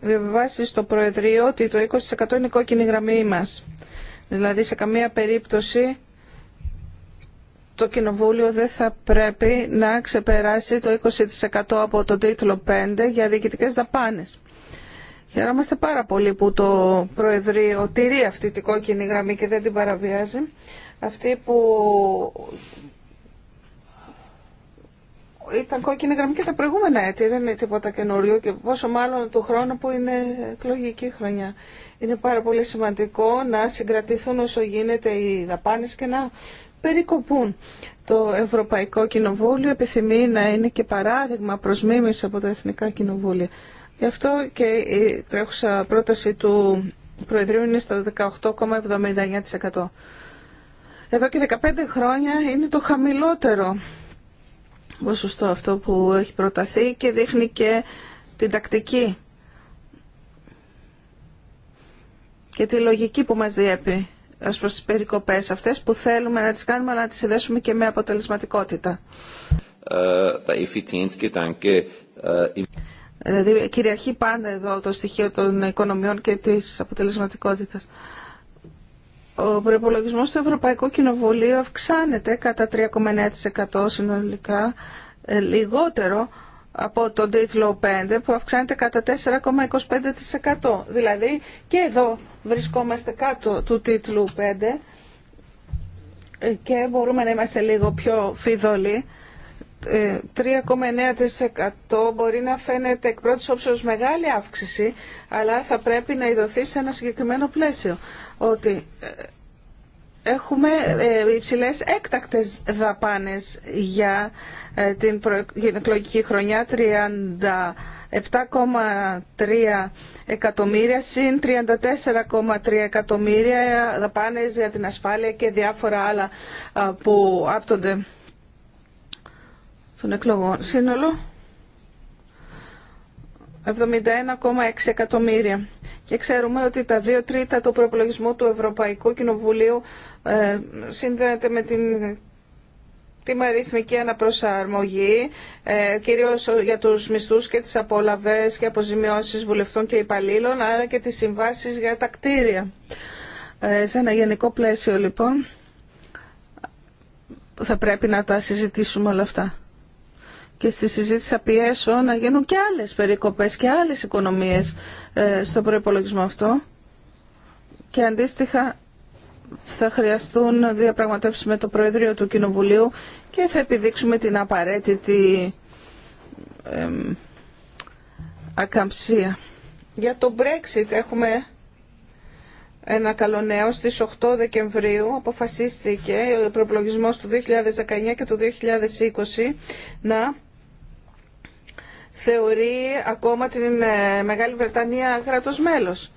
διαβάσει στο Προεδρείο ότι το 20% είναι η κόκκινη γραμμή μας. Δηλαδή σε καμία περίπτωση το Κοινοβούλιο δεν θα πρέπει να ξεπεράσει το 20% από το τίτλο 5 για διοικητικές δαπάνες. Χαιρόμαστε πάρα πολύ που το Προεδρείο τηρεί αυτή την κόκκινη γραμμή και δεν την παραβιάζει. Αυτή που ήταν κόκκινη γραμμή και τα προηγούμενα έτη, δεν είναι τίποτα καινούριο και πόσο μάλλον του χρόνου που είναι εκλογική χρονιά. Είναι πάρα πολύ σημαντικό να συγκρατηθούν όσο γίνεται οι δαπάνες και να περικοπούν. Το Ευρωπαϊκό Κοινοβούλιο επιθυμεί να είναι και παράδειγμα προς μίμηση από τα Εθνικά Κοινοβούλια. Γι' αυτό και η τρέχουσα πρόταση του Προεδρείου είναι στα 18,79%. Εδώ και 15 χρόνια είναι το χαμηλότερο ποσοστό αυτό που έχει προταθεί και δείχνει και την τακτική και τη λογική που μας διέπει ας προς τις περικοπές αυτές που θέλουμε να τις κάνουμε αλλά να τις συνδέσουμε και με αποτελεσματικότητα. Ε, ε, δηλαδή κυριαρχεί πάντα εδώ το στοιχείο των οικονομιών και της αποτελεσματικότητας. Ο προπολογισμό του Ευρωπαϊκού Κοινοβουλίου αυξάνεται κατά 3,9% συνολικά ε, λιγότερο από τον τίτλο 5 που αυξάνεται κατά 4,25%. Δηλαδή και εδώ βρισκόμαστε κάτω του τίτλου 5 και μπορούμε να είμαστε λίγο πιο φιδωλοί. Ε, 3,9% μπορεί να φαίνεται εκ πρώτης όψεως μεγάλη αύξηση, αλλά θα πρέπει να ειδωθεί σε ένα συγκεκριμένο πλαίσιο. Ότι ε, έχουμε ε, υψηλές έκτακτες δαπάνες για ε, την εκλογική χρονιά 37,3 εκατομμύρια συν 34,3 εκατομμύρια δαπάνες για την ασφάλεια και διάφορα άλλα ε, που άπτονται των εκλογών. Σύνολο 71,6 εκατομμύρια. Και ξέρουμε ότι τα δύο τρίτα του προπολογισμού του Ευρωπαϊκού Κοινοβουλίου ε, συνδέεται με την τη μαριθμική αναπροσαρμογή, ε, κυρίως για τους μισθούς και τις απολαβές και αποζημιώσεις βουλευτών και υπαλλήλων, αλλά και τις συμβάσεις για τα κτίρια. Ε, σε ένα γενικό πλαίσιο, λοιπόν, θα πρέπει να τα συζητήσουμε όλα αυτά και στη συζήτηση θα πιέσω να γίνουν και άλλες περικοπές και άλλες οικονομίες ε, στο προϋπολογισμό αυτό και αντίστοιχα θα χρειαστούν διαπραγματεύσεις με το Προεδρείο του Κοινοβουλίου και θα επιδείξουμε την απαραίτητη ακαμψία. Για το Brexit έχουμε ένα καλό νέο. Στις 8 Δεκεμβρίου αποφασίστηκε ο προπολογισμός του 2019 και του 2020 να θεωρεί ακόμα την ε, Μεγάλη Βρετανία κράτος μέλος.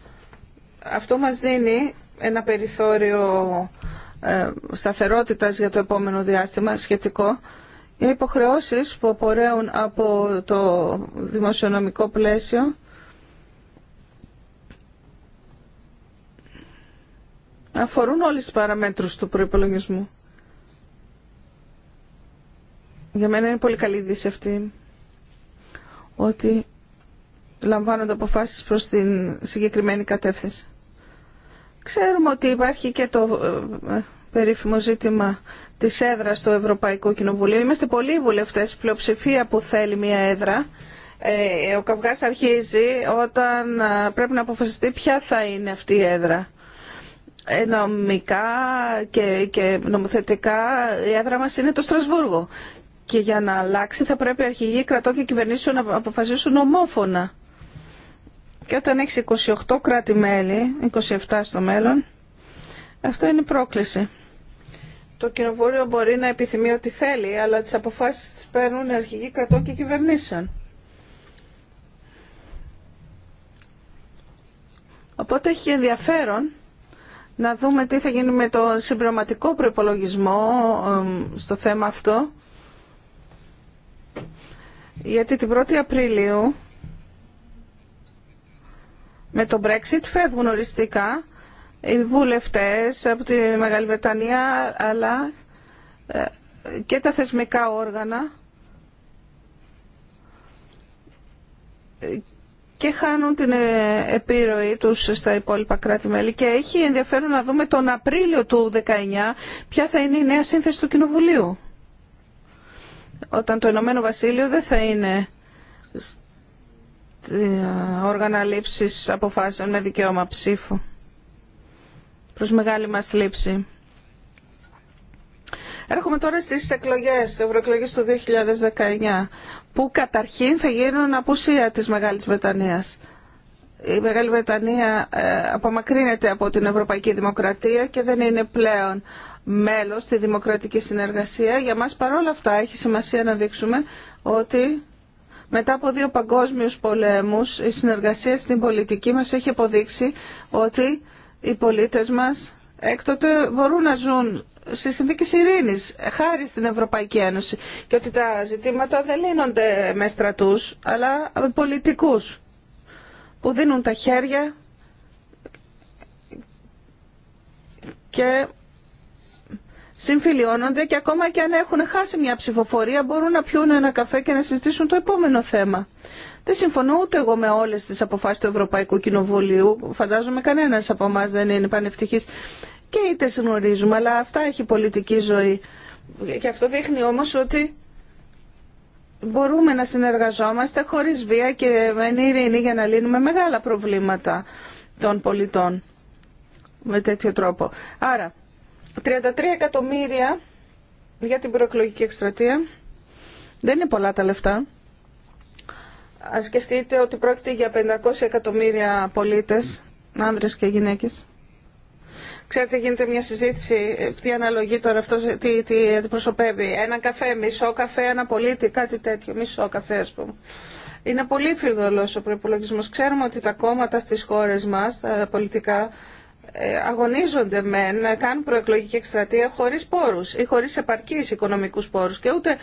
Αυτό μας δίνει ένα περιθώριο ε, σταθερότητας για το επόμενο διάστημα σχετικό. Οι υποχρεώσεις που απορρέουν από το δημοσιονομικό πλαίσιο αφορούν όλες τις παραμέτρους του προϋπολογισμού. Για μένα είναι πολύ καλή είδηση αυτή ότι λαμβάνονται αποφάσεις προς την συγκεκριμένη κατεύθυνση. Ξέρουμε ότι υπάρχει και το ε, ε, περίφημο ζήτημα της έδρας του Ευρωπαϊκού Κοινοβούλιο. Είμαστε πολλοί βουλευτές, πλειοψηφία που θέλει μια έδρα. Ε, ο καυγάς αρχίζει όταν πρέπει να αποφασιστεί ποια θα είναι αυτή η έδρα. Νομικά και νομοθετικά η έδρα μας είναι το Στρασβούργο και για να αλλάξει θα πρέπει αρχηγοί κρατών και κυβερνήσεων να αποφασίσουν ομόφωνα. Και όταν έχει 28 κράτη-μέλη, 27 στο μέλλον, αυτό είναι πρόκληση. Το κοινοβούλιο μπορεί να επιθυμεί ό,τι θέλει, αλλά τις αποφάσεις τις παίρνουν αρχηγοί κρατών και κυβερνήσεων. Οπότε έχει ενδιαφέρον να δούμε τι θα γίνει με το συμπληρωματικό προπολογισμό ε, στο θέμα αυτό γιατί την 1η Απριλίου με το Brexit φεύγουν οριστικά οι βουλευτές από τη Μεγάλη Βρετανία αλλά ε, και τα θεσμικά όργανα και χάνουν την ε, επίρροή τους στα υπόλοιπα κράτη-μέλη και έχει ενδιαφέρον να δούμε τον Απρίλιο του 19 ποια θα είναι η νέα σύνθεση του Κοινοβουλίου όταν το Ηνωμένο Βασίλειο δεν θα είναι όργανα λήψης αποφάσεων με δικαίωμα ψήφου. Προς μεγάλη μας λήψη. Έρχομαι τώρα στις εκλογές, ευρωεκλογές του 2019, που καταρχήν θα γίνουν απουσία της Μεγάλης Βρετανίας. Η Μεγάλη Βρετανία ε, απομακρύνεται από την Ευρωπαϊκή Δημοκρατία και δεν είναι πλέον μέλος στη δημοκρατική συνεργασία. Για μας παρόλα αυτά έχει σημασία να δείξουμε ότι μετά από δύο παγκόσμιους πολέμους η συνεργασία στην πολιτική μας έχει αποδείξει ότι οι πολίτες μας έκτοτε μπορούν να ζουν σε συνθήκε ειρήνη, χάρη στην Ευρωπαϊκή Ένωση. Και ότι τα ζητήματα δεν λύνονται με στρατού, αλλά με πολιτικού που δίνουν τα χέρια και συμφιλιώνονται και ακόμα και αν έχουν χάσει μια ψηφοφορία μπορούν να πιούν ένα καφέ και να συζητήσουν το επόμενο θέμα. Δεν συμφωνώ ούτε εγώ με όλες τις αποφάσεις του Ευρωπαϊκού Κοινοβουλίου. Φαντάζομαι κανένας από εμά δεν είναι πανευτυχής και είτε συγνωρίζουμε, αλλά αυτά έχει πολιτική ζωή. Και αυτό δείχνει όμως ότι μπορούμε να συνεργαζόμαστε χωρίς βία και με ειρήνη για να λύνουμε μεγάλα προβλήματα των πολιτών με τέτοιο τρόπο. Άρα, 33 εκατομμύρια για την προεκλογική εκστρατεία. Δεν είναι πολλά τα λεφτά. Ας σκεφτείτε ότι πρόκειται για 500 εκατομμύρια πολίτες, άνδρες και γυναίκες. Ξέρετε, γίνεται μια συζήτηση, τι αναλογεί τώρα αυτό, τι, τι αντιπροσωπεύει. Ένα καφέ, μισό καφέ, ένα πολίτη, κάτι τέτοιο, μισό καφέ α πούμε. Είναι πολύ φιδωλός ο προπολογισμό. Ξέρουμε ότι τα κόμματα στις χώρες μας, τα πολιτικά, αγωνίζονται με να κάνουν προεκλογική εκστρατεία χωρίς πόρους ή χωρίς επαρκείς οικονομικούς πόρους και ούτε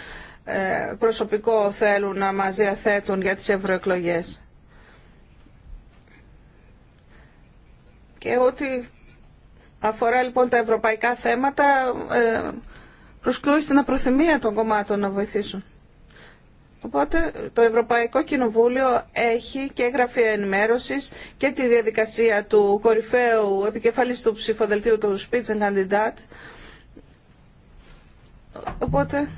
ε, προσωπικό θέλουν να μας διαθέτουν για τις ευρωεκλογέ. Και ό,τι αφορά λοιπόν τα ευρωπαϊκά θέματα, ε, προσκλούει στην απροθυμία των κομμάτων να βοηθήσουν. Οπότε το Ευρωπαϊκό Κοινοβούλιο έχει και γραφεία ενημέρωση και τη διαδικασία του κορυφαίου επικεφαλής του ψηφοδελτίου του Candidates. Οπότε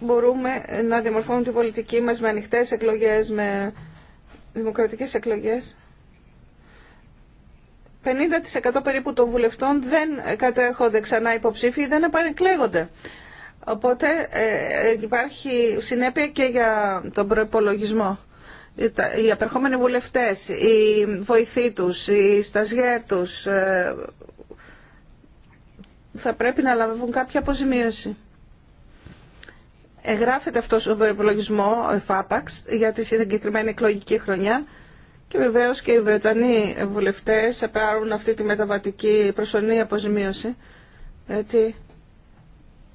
μπορούμε να δημορφώνουμε την πολιτική μας με ανοιχτές εκλογές, με δημοκρατικές εκλογές. 50% περίπου των βουλευτών δεν κατέρχονται ξανά υποψήφοι ή δεν επανεκλέγονται. Οπότε ε, ε, υπάρχει συνέπεια και για τον προπολογισμό. Οι απερχόμενοι βουλευτές, οι βοηθοί τους, οι σταζιέρ τους, ε, θα πρέπει να λάβουν κάποια αποζημίωση. Εγγράφεται αυτός ο προπολογισμό, ο ΕΦΑΠΑΞ, για τη συγκεκριμένη εκλογική χρονιά και βεβαίως και οι Βρετανοί βουλευτές θα πάρουν αυτή τη μεταβατική προσωρινή αποζημίωση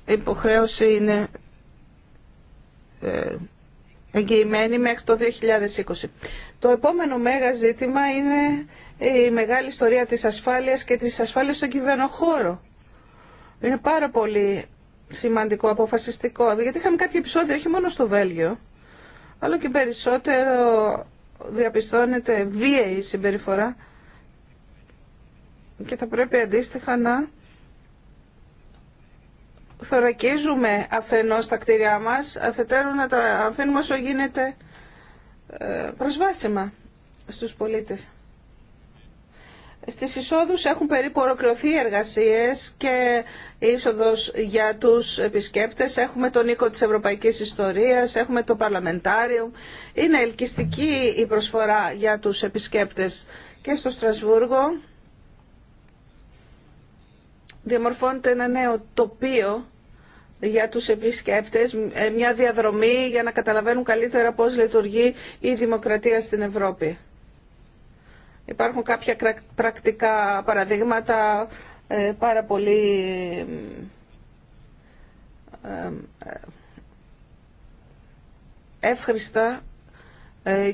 υποχρέωση είναι ε, εγγυημένη μέχρι το 2020. Το επόμενο μέγα ζήτημα είναι η μεγάλη ιστορία της ασφάλειας και της ασφάλειας στον κυβερνοχώρο. Είναι πάρα πολύ σημαντικό, αποφασιστικό, γιατί είχαμε κάποιο επεισόδιο όχι μόνο στο Βέλγιο, αλλά και περισσότερο διαπιστώνεται βίαιη συμπεριφορά και θα πρέπει αντίστοιχα να θωρακίζουμε αφενός τα κτίρια μας, αφετέρου να τα αφήνουμε όσο γίνεται ε, προσβάσιμα στους πολίτες. Στις εισόδους έχουν περίπου ολοκληρωθεί εργασίες και είσοδος για τους επισκέπτες. Έχουμε τον οίκο της Ευρωπαϊκής Ιστορίας, έχουμε το Παρλαμεντάριο. Είναι ελκυστική η προσφορά για τους επισκέπτες και στο Στρασβούργο διαμορφώνεται ένα νέο τοπίο για τους επισκέπτες, ε, μια διαδρομή για να καταλαβαίνουν καλύτερα πώς λειτουργεί η δημοκρατία στην Ευρώπη. Υπάρχουν κάποια πρακτικά παραδείγματα ε, πάρα πολύ ε, εύχριστα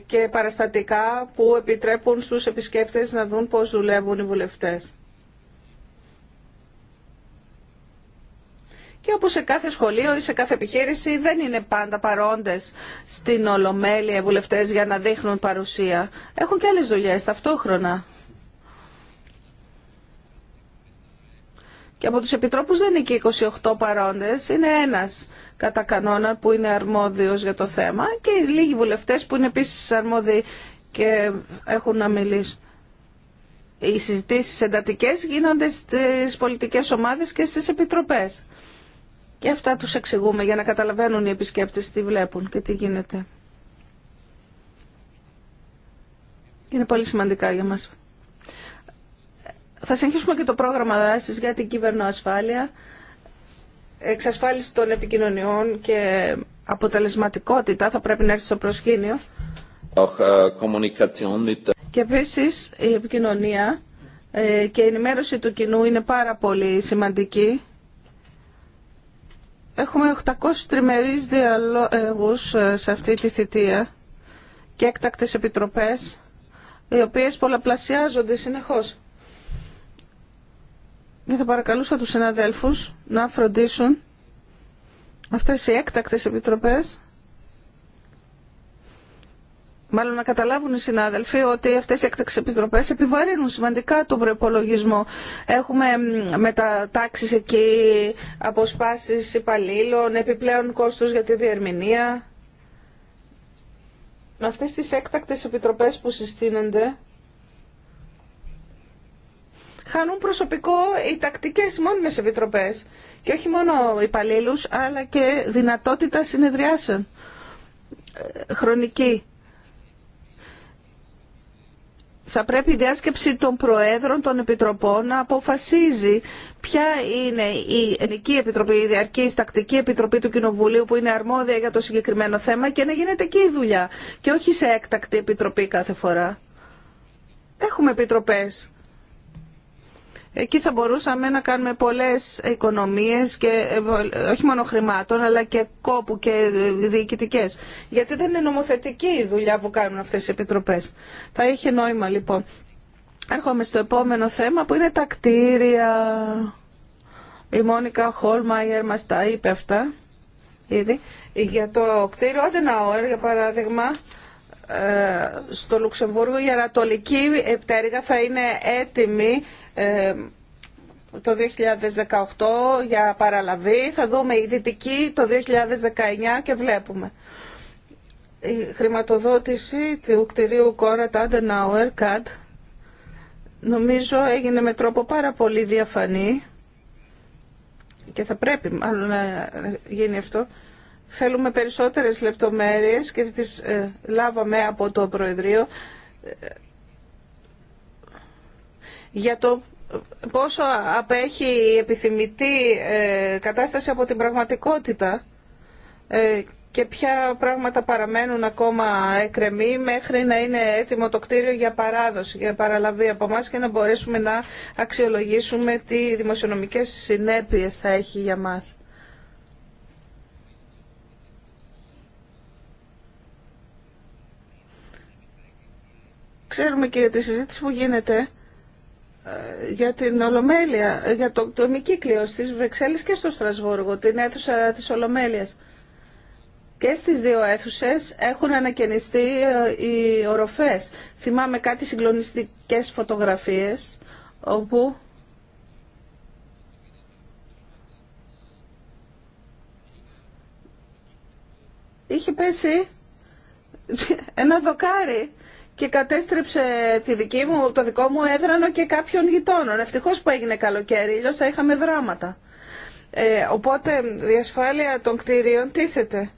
και παραστατικά που επιτρέπουν στους επισκέπτες να δουν πώς δουλεύουν οι βουλευτές. και όπως σε κάθε σχολείο ή σε κάθε επιχείρηση δεν είναι πάντα παρόντες στην Ολομέλεια βουλευτές για να δείχνουν παρουσία. Έχουν και άλλες δουλειές ταυτόχρονα. Και από τους επιτρόπους δεν είναι και 28 παρόντες, είναι ένας κατά κανόνα που είναι αρμόδιος για το θέμα και οι λίγοι βουλευτές που είναι επίσης αρμόδιοι και έχουν να μιλήσουν. Οι συζητήσεις εντατικές γίνονται στις πολιτικές ομάδες και στις επιτροπές. Και αυτά τους εξηγούμε για να καταλαβαίνουν οι επισκέπτες τι βλέπουν και τι γίνεται. Είναι πολύ σημαντικά για μας. Θα συνεχίσουμε και το πρόγραμμα δράσης για την κυβερνοασφάλεια, εξασφάλιση των επικοινωνιών και αποτελεσματικότητα θα πρέπει να έρθει στο προσκήνιο. Και επίσης η επικοινωνία ε, και η ενημέρωση του κοινού είναι πάρα πολύ σημαντική Έχουμε 800 τριμερείς διαλόγους ε, σε αυτή τη θητεία και έκτακτες επιτροπές, οι οποίες πολλαπλασιάζονται συνεχώς. Και θα παρακαλούσα τους συναδέλφους να φροντίσουν αυτές οι έκτακτες επιτροπές μάλλον να καταλάβουν οι συνάδελφοι ότι αυτές οι έκτακτες επιτροπές επιβαρύνουν σημαντικά τον προπολογισμό. Έχουμε μετατάξεις εκεί, αποσπάσεις υπαλλήλων, επιπλέον κόστος για τη διερμηνία. Με αυτές τις έκτακτες επιτροπές που συστήνονται, χάνουν προσωπικό οι τακτικές μόνιμες επιτροπές και όχι μόνο υπαλλήλους αλλά και δυνατότητα συνεδριάσεων ε, χρονική θα πρέπει η διάσκεψη των Προέδρων των Επιτροπών να αποφασίζει ποια είναι η Ενική Επιτροπή, η Διαρκή Τακτική Επιτροπή του Κοινοβουλίου που είναι αρμόδια για το συγκεκριμένο θέμα και να γίνεται εκεί η δουλειά και όχι σε έκτακτη επιτροπή κάθε φορά. Έχουμε επιτροπές Εκεί θα μπορούσαμε να κάνουμε πολλές οικονομίες και ε, όχι μόνο χρημάτων αλλά και κόπου και διοικητικέ. Γιατί δεν είναι νομοθετική η δουλειά που κάνουν αυτές οι επιτροπές. Θα είχε νόημα λοιπόν. Έρχομαι στο επόμενο θέμα που είναι τα κτίρια. Η Μόνικα Χόλμαϊερ μας τα είπε αυτά ήδη. Για το κτίριο Αντεναόερ για παράδειγμα στο Λουξεμβούργο η Ανατολική Πτέρυγα θα είναι έτοιμη ε, το 2018 για παραλαβή. Θα δούμε η Δυτική το 2019 και βλέπουμε. Η χρηματοδότηση του κτηρίου Κόρατ Αντενάουερ ΚΑΤ νομίζω έγινε με τρόπο πάρα πολύ διαφανή και θα πρέπει μάλλον να γίνει αυτό Θέλουμε περισσότερες λεπτομέρειες και τις ε, λάβαμε από το Προεδρείο ε, για το πόσο απέχει η επιθυμητή ε, κατάσταση από την πραγματικότητα και ποια πράγματα παραμένουν ακόμα εκρεμή μέχρι να είναι έτοιμο το κτίριο για παράδοση, για παραλαβή από εμά και να μπορέσουμε να αξιολογήσουμε τι δημοσιονομικές συνέπειες θα έχει για μας. Ξέρουμε και τη συζήτηση που γίνεται ε, για την Ολομέλεια, ε, για το, το κύκλιο στις και στο Στρασβούργο, την αίθουσα της ολομέλεια. Και στις δύο αίθουσε έχουν ανακαινιστεί ε, οι οροφές. Θυμάμαι κάτι συγκλονιστικές φωτογραφίες όπου είχε πέσει ένα δοκάρι και κατέστρεψε τη δική μου, το δικό μου έδρανο και κάποιων γειτόνων. Ευτυχώ που έγινε καλοκαίρι, θα είχαμε δράματα. Ε, οπότε η ασφάλεια των κτίριων τίθεται.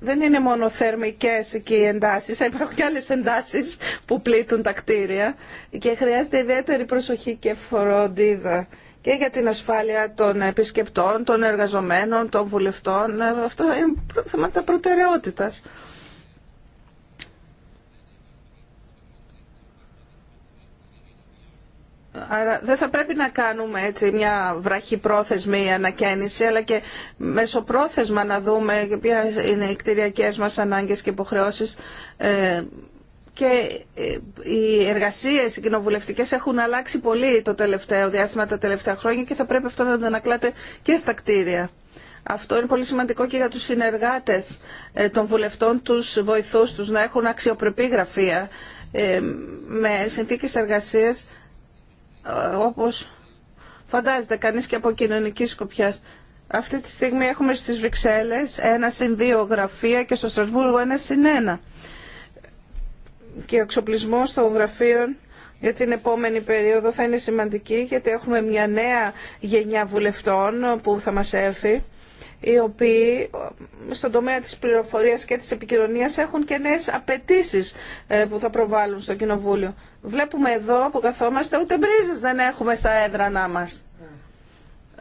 Δεν είναι μόνο θερμικές εκεί οι εντάσεις, υπάρχουν και άλλες εντάσεις που πλήττουν τα κτίρια και χρειάζεται ιδιαίτερη προσοχή και φροντίδα και για την ασφάλεια των επισκεπτών, των εργαζομένων, των βουλευτών. Ε, αυτό είναι θέματα προτεραιότητας. Άρα δεν θα πρέπει να κάνουμε έτσι μια βραχυπρόθεσμη ανακαίνιση, αλλά και μεσοπρόθεσμα να δούμε ποιε είναι οι κτηριακές μας ανάγκες και υποχρεώσεις ε, και ε, οι εργασίες, οι κοινοβουλευτικές έχουν αλλάξει πολύ το τελευταίο διάστημα, τα τελευταία χρόνια και θα πρέπει αυτό να ανακλάται και στα κτίρια. Αυτό είναι πολύ σημαντικό και για τους συνεργάτες ε, των βουλευτών, τους βοηθούς τους να έχουν αξιοπρεπή γραφεία με συνθήκες εργασίας όπως φαντάζεται κανείς και από κοινωνική σκοπιά. Αυτή τη στιγμή έχουμε στις Βρυξέλλες ένα συν δύο γραφεία και στο Στρασβούργο ένα συν ένα. Και ο εξοπλισμός των γραφείων για την επόμενη περίοδο θα είναι σημαντική γιατί έχουμε μια νέα γενιά βουλευτών που θα μας έρθει οι οποίοι στον τομέα της πληροφορίας και της επικοινωνίας έχουν και νέες απαιτήσει ε, που θα προβάλλουν στο Κοινοβούλιο. Βλέπουμε εδώ που καθόμαστε ούτε μπρίζες δεν έχουμε στα έδρανά μας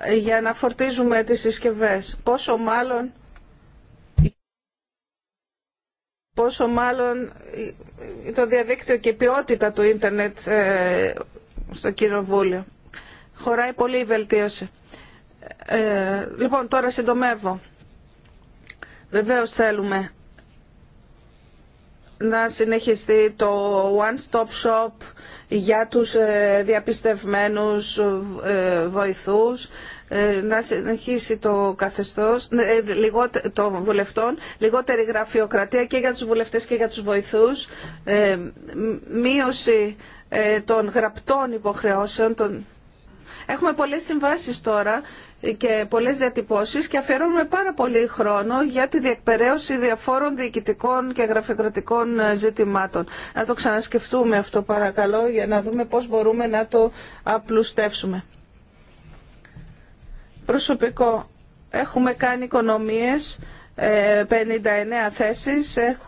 ναι. για να φορτίζουμε τις συσκευές. Πόσο μάλλον, πόσο μάλλον το διαδίκτυο και η ποιότητα του ίντερνετ ε, στο Κοινοβούλιο. Χωράει πολύ η βελτίωση. Ε, λοιπόν, τώρα συντομεύω. Βεβαίως θέλουμε να συνεχιστεί το one-stop shop για τους ε, διαπιστευμένους ε, βοηθούς, να συνεχίσει το καθεστώς των βουλευτών, λιγότερη γραφειοκρατία και για τους βουλευτές και για τους βοηθούς, μείωση των γραπτών υποχρεώσεων. Έχουμε πολλές συμβάσεις τώρα και πολλές διατυπώσεις και αφιερώνουμε πάρα πολύ χρόνο για τη διεκπαιρέωση διαφόρων διοικητικών και γραφειοκρατικών ε, ζητημάτων. Να το ξανασκεφτούμε αυτό παρακαλώ για να δούμε πώς μπορούμε να το απλουστεύσουμε. Προσωπικό. Έχουμε κάνει οικονομίες 59 ε, θέσεις, ε,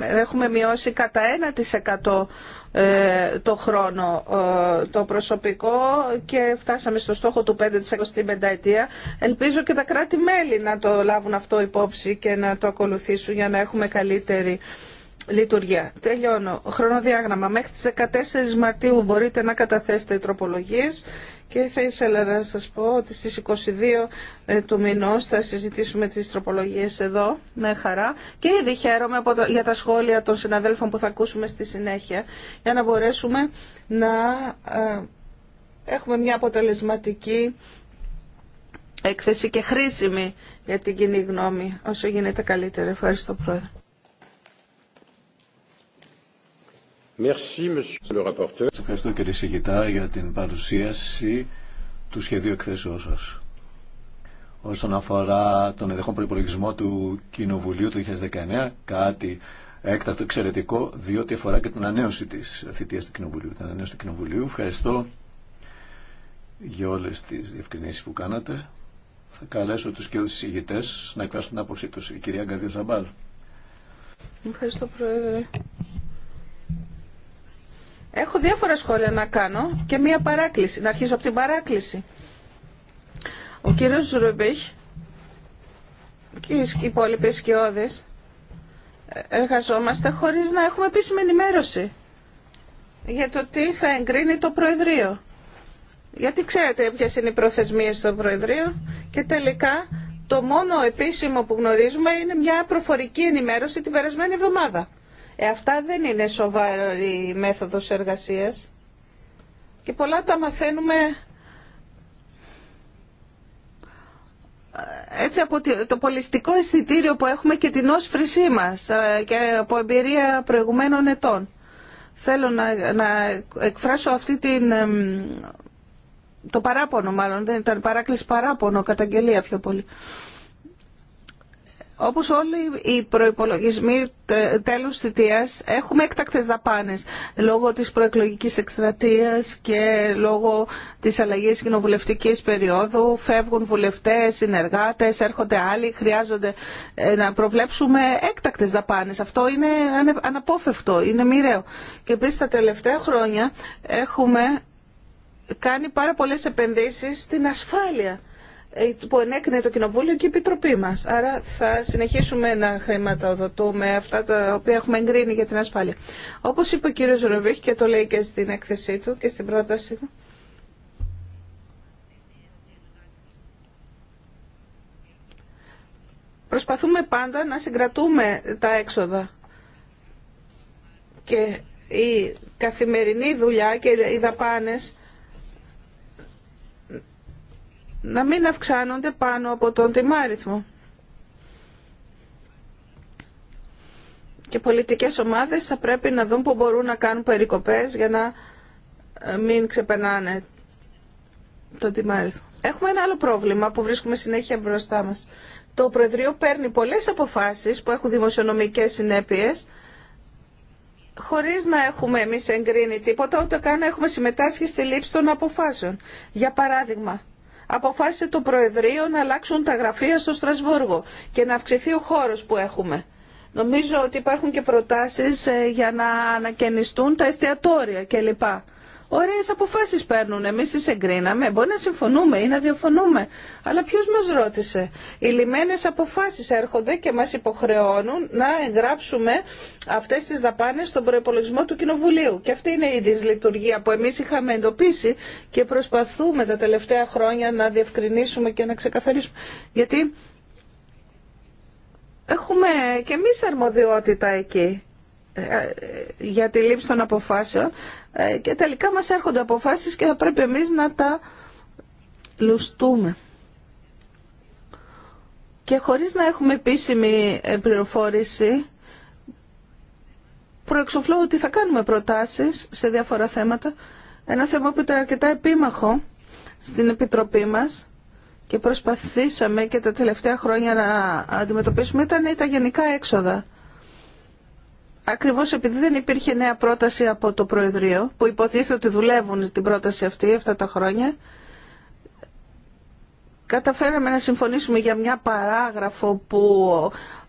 έχουμε μειώσει κατά 1% ε, το χρόνο ε, το προσωπικό και φτάσαμε στο στόχο του 5% στην πενταετία. Ελπίζω και τα κράτη-μέλη να το λάβουν αυτό υπόψη και να το ακολουθήσουν για να έχουμε καλύτερη λειτουργία. Τελειώνω. Χρονοδιάγραμμα. Μέχρι τις 14 Μαρτίου μπορείτε να καταθέσετε τροπολογίες και θα ήθελα να σας πω ότι στις 22 ε, του μηνός θα συζητήσουμε τις τροπολογίες εδώ με χαρά και ήδη χαίρομαι για τα σχόλια των συναδέλφων που θα ακούσουμε στη συνέχεια για να μπορέσουμε να ε, έχουμε μια αποτελεσματική έκθεση και χρήσιμη για την κοινή γνώμη όσο γίνεται καλύτερα. Ευχαριστώ Πρόεδρε. Merci, Σας ευχαριστώ κύριε Σιγητά για την παρουσίαση του σχεδίου εκθέσεώς σας. Όσον αφορά τον ενδεχόν προπολογισμό του Κοινοβουλίου του 2019, κάτι έκτακτο εξαιρετικό, διότι αφορά και την ανανέωση της θητείας του Κοινοβουλίου. Την ανανέωση του Κοινοβουλίου. Ευχαριστώ για όλες τις διευκρινήσεις που κάνατε. Θα καλέσω τους και τους συγητές να εκφράσουν την άποψή τους. Η κυρία Γκαδίου Ζαμπάλ. Ευχαριστώ, Πρόεδρε. Έχω διάφορα σχόλια να κάνω και μία παράκληση. Να αρχίσω από την παράκληση. Ο κύριος Ρουμπίχ και οι υπόλοιποι σκιώδες ε, εργαζόμαστε χωρίς να έχουμε επίσημη ενημέρωση για το τι θα εγκρίνει το Προεδρείο. Γιατί ξέρετε ποιες είναι οι προθεσμίες στο Προεδρείο και τελικά το μόνο επίσημο που γνωρίζουμε είναι μια προφορική ενημέρωση την περασμένη εβδομάδα. Ε, αυτά δεν είναι σοβαρή μέθοδος εργασίας και πολλά τα μαθαίνουμε ε, έτσι από το πολιστικό αισθητήριο που έχουμε και την όσφρησή μας ε, και από εμπειρία προηγουμένων ετών. Θέλω να, εκφράσω αυτή την, το παράπονο μάλλον, δεν ήταν παράκληση παράπονο, καταγγελία πιο πολύ. Όπως όλοι οι προϋπολογισμοί τέλους θητείας έχουμε έκτακτες δαπάνες λόγω της προεκλογικής εκστρατείας και λόγω της αλλαγής κοινοβουλευτικής περίοδου. Φεύγουν βουλευτές, συνεργάτες, έρχονται άλλοι, χρειάζονται ε, να προβλέψουμε έκτακτες δαπάνες. Αυτό είναι αναπόφευκτο, είναι μοιραίο. Και επίσης τα τελευταία χρόνια έχουμε κάνει πάρα πολλές επενδύσεις στην ασφάλεια. Ε, που ενέκρινε το Κοινοβούλιο και η Επιτροπή μας. Άρα θα συνεχίσουμε να χρηματοδοτούμε αυτά τα οποία έχουμε εγκρίνει για την ασφάλεια. Όπως είπε ο κύριος Ρουβίχ και το λέει και στην έκθεσή του και στην πρότασή του, προσπαθούμε πάντα να συγκρατούμε τα έξοδα. Και η καθημερινή δουλειά και οι δαπάνες να μην αυξάνονται πάνω από τον τιμάριθμο. Και πολιτικές ομάδες θα πρέπει να δουν που μπορούν να κάνουν περικοπές για να ε, μην ξεπερνάνε τον τιμάριθμο. Έχουμε ένα άλλο πρόβλημα που βρίσκουμε συνέχεια μπροστά μας. Το Προεδρείο παίρνει πολλές αποφάσεις που έχουν δημοσιονομικές συνέπειες χωρίς να έχουμε εμείς εγκρίνει τίποτα, ούτε καν έχουμε συμμετάσχει στη λήψη των αποφάσεων. Για παράδειγμα, αποφάσισε το Προεδρείο να αλλάξουν τα γραφεία στο Στρασβούργο και να αυξηθεί ο χώρος που έχουμε. Νομίζω ότι υπάρχουν και προτάσεις ε, για να ανακαινιστούν τα εστιατόρια κλπ. Ωραίε αποφάσεις παίρνουν. εμεί τι εγκρίναμε. Μπορεί να συμφωνούμε ή να διαφωνούμε. Αλλά ποιο μα ρώτησε. Οι λιμένες αποφάσεις έρχονται και μας υποχρεώνουν να εγγράψουμε αυτές τις δαπάνες στον προπολογισμό του Κοινοβουλίου. Και αυτή είναι η δυσλειτουργία που εμείς είχαμε εντοπίσει και προσπαθούμε τα τελευταία χρόνια να διευκρινίσουμε και να ξεκαθαρίσουμε. Γιατί έχουμε και εμεί αρμοδιότητα εκεί για τη λήψη των αποφάσεων ε, και τελικά μας έρχονται αποφάσεις και θα πρέπει εμείς να τα λουστούμε. Και χωρίς να έχουμε επίσημη ε, πληροφόρηση, προεξοφλώ ότι θα κάνουμε προτάσεις σε διάφορα θέματα. Ένα θέμα που ήταν αρκετά επίμαχο στην Επιτροπή μας και προσπαθήσαμε και τα τελευταία χρόνια να αντιμετωπίσουμε ήταν τα γενικά έξοδα Ακριβώ επειδή δεν υπήρχε νέα πρόταση από το Προεδρείο, που υποτίθεται ότι δουλεύουν την πρόταση αυτή αυτά τα χρόνια, καταφέραμε να συμφωνήσουμε για μια παράγραφο που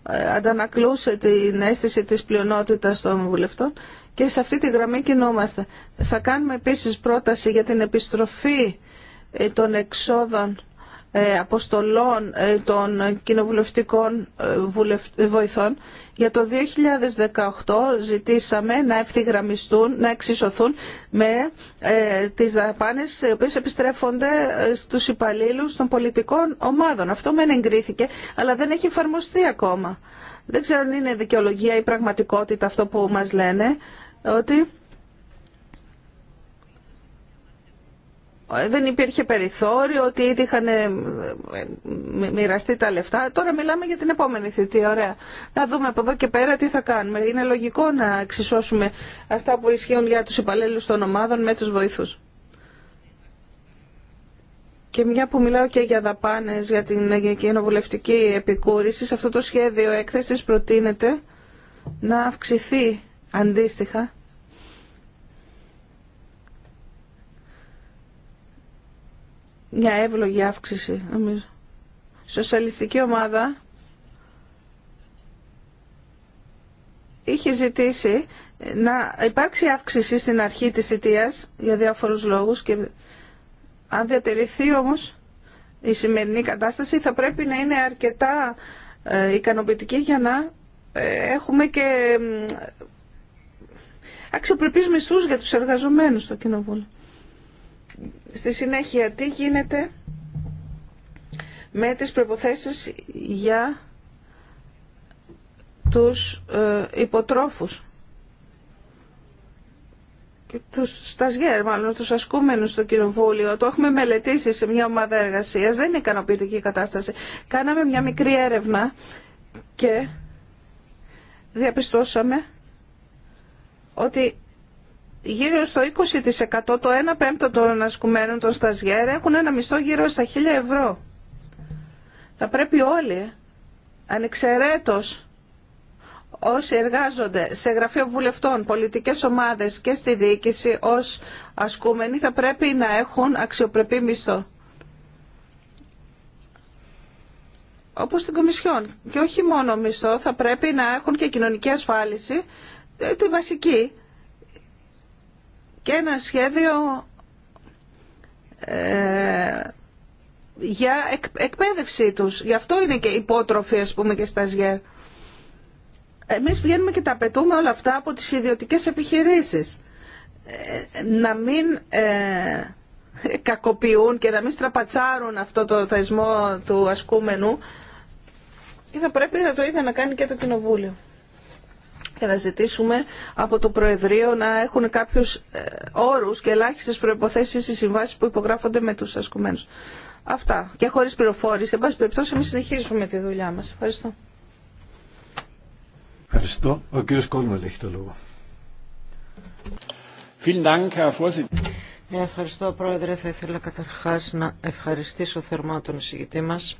ε, αντανακλούσε την αίσθηση της πλειονότητας των βουλευτών και σε αυτή τη γραμμή κινούμαστε. Θα κάνουμε επίσης πρόταση για την επιστροφή ε, των εξόδων ε, αποστολών ε, των κοινοβουλευτικών ε, βοηθών. Για το 2018 ζητήσαμε να ευθυγραμμιστούν, να εξισωθούν με τις δαπάνες οι οποίες επιστρέφονται στους υπαλλήλους των πολιτικών ομάδων. Αυτό μεν εγκρίθηκε, αλλά δεν έχει εφαρμοστεί ακόμα. Δεν ξέρω αν είναι δικαιολογία ή πραγματικότητα αυτό που μας λένε, ότι Ε, δεν υπήρχε περιθώριο, ότι ήδη είχαν ε, μοιραστεί τα λεφτά. Τώρα μιλάμε για την επόμενη θητεία. Ωραία. Να δούμε από εδώ και πέρα τι θα κάνουμε. Είναι λογικό να εξισώσουμε αυτά που ισχύουν για τους υπαλλήλους των ομάδων με τους βοηθούς. Και μια που μιλάω και για δαπάνες, για την κοινοβουλευτική επικούρηση, σε αυτό το σχέδιο έκθεσης προτείνεται να αυξηθεί αντίστοιχα μια εύλογη αύξηση νομίζω. Σοσιαλιστική ομάδα είχε ζητήσει να υπάρξει αύξηση στην αρχή της θητείας για διάφορους λόγους και αν διατηρηθεί όμως η σημερινή κατάσταση θα πρέπει να είναι αρκετά ε, ικανοποιητική για να ε, έχουμε και αξιοπρεπείς μισθούς για τους εργαζομένους στο Κοινοβούλιο. Στη συνέχεια, τι γίνεται με τις προϋποθέσεις για τους ε, υποτρόφους και τους στασγέρ μάλλον τους ασκούμενους στο κοινοβούλιο. Το έχουμε μελετήσει σε μια ομάδα εργασίας. Δεν είναι ικανοποιητική η κατάσταση. Κάναμε μια μικρή έρευνα και διαπιστώσαμε ότι γύρω στο 20% το 1 πέμπτο των ασκουμένων των σταζιέρ έχουν ένα μισθό γύρω στα 1000 ευρώ. Θα πρέπει όλοι, ανεξαιρέτως όσοι εργάζονται σε γραφείο βουλευτών, πολιτικές ομάδες και στη διοίκηση ως ασκούμενοι θα πρέπει να έχουν αξιοπρεπή μισθό. Όπως στην Κομισιόν. Και όχι μόνο μισθό, θα πρέπει να έχουν και κοινωνική ασφάλιση, ε, τη βασική, και ένα σχέδιο ε, για εκ, εκπαίδευσή τους. Γι' αυτό είναι και υπότροφοι, ας πούμε, και σταζιέρ. Εμείς βγαίνουμε και τα πετούμε όλα αυτά από τις ιδιωτικές επιχειρήσεις. Ε, να μην ε, κακοποιούν και να μην στραπατσάρουν αυτό το θεσμό του ασκούμενου. Και θα πρέπει να το είδα να κάνει και το Κοινοβούλιο και να ζητήσουμε από το Προεδρείο να έχουν κάποιους ε, όρους και ελάχιστες προϋποθέσεις στις συμβάσεις που υπογράφονται με τους ασκουμένους. Αυτά. Και χωρίς πληροφόρηση. Εν πάση περιπτώσει, εμείς συνεχίζουμε τη δουλειά μας. Ευχαριστώ. Ευχαριστώ. Ο κύριος Κόλμελ έχει το λόγο. Ε, ευχαριστώ, Πρόεδρε. Θα ήθελα καταρχάς να ευχαριστήσω θερμά τον εισηγητή μας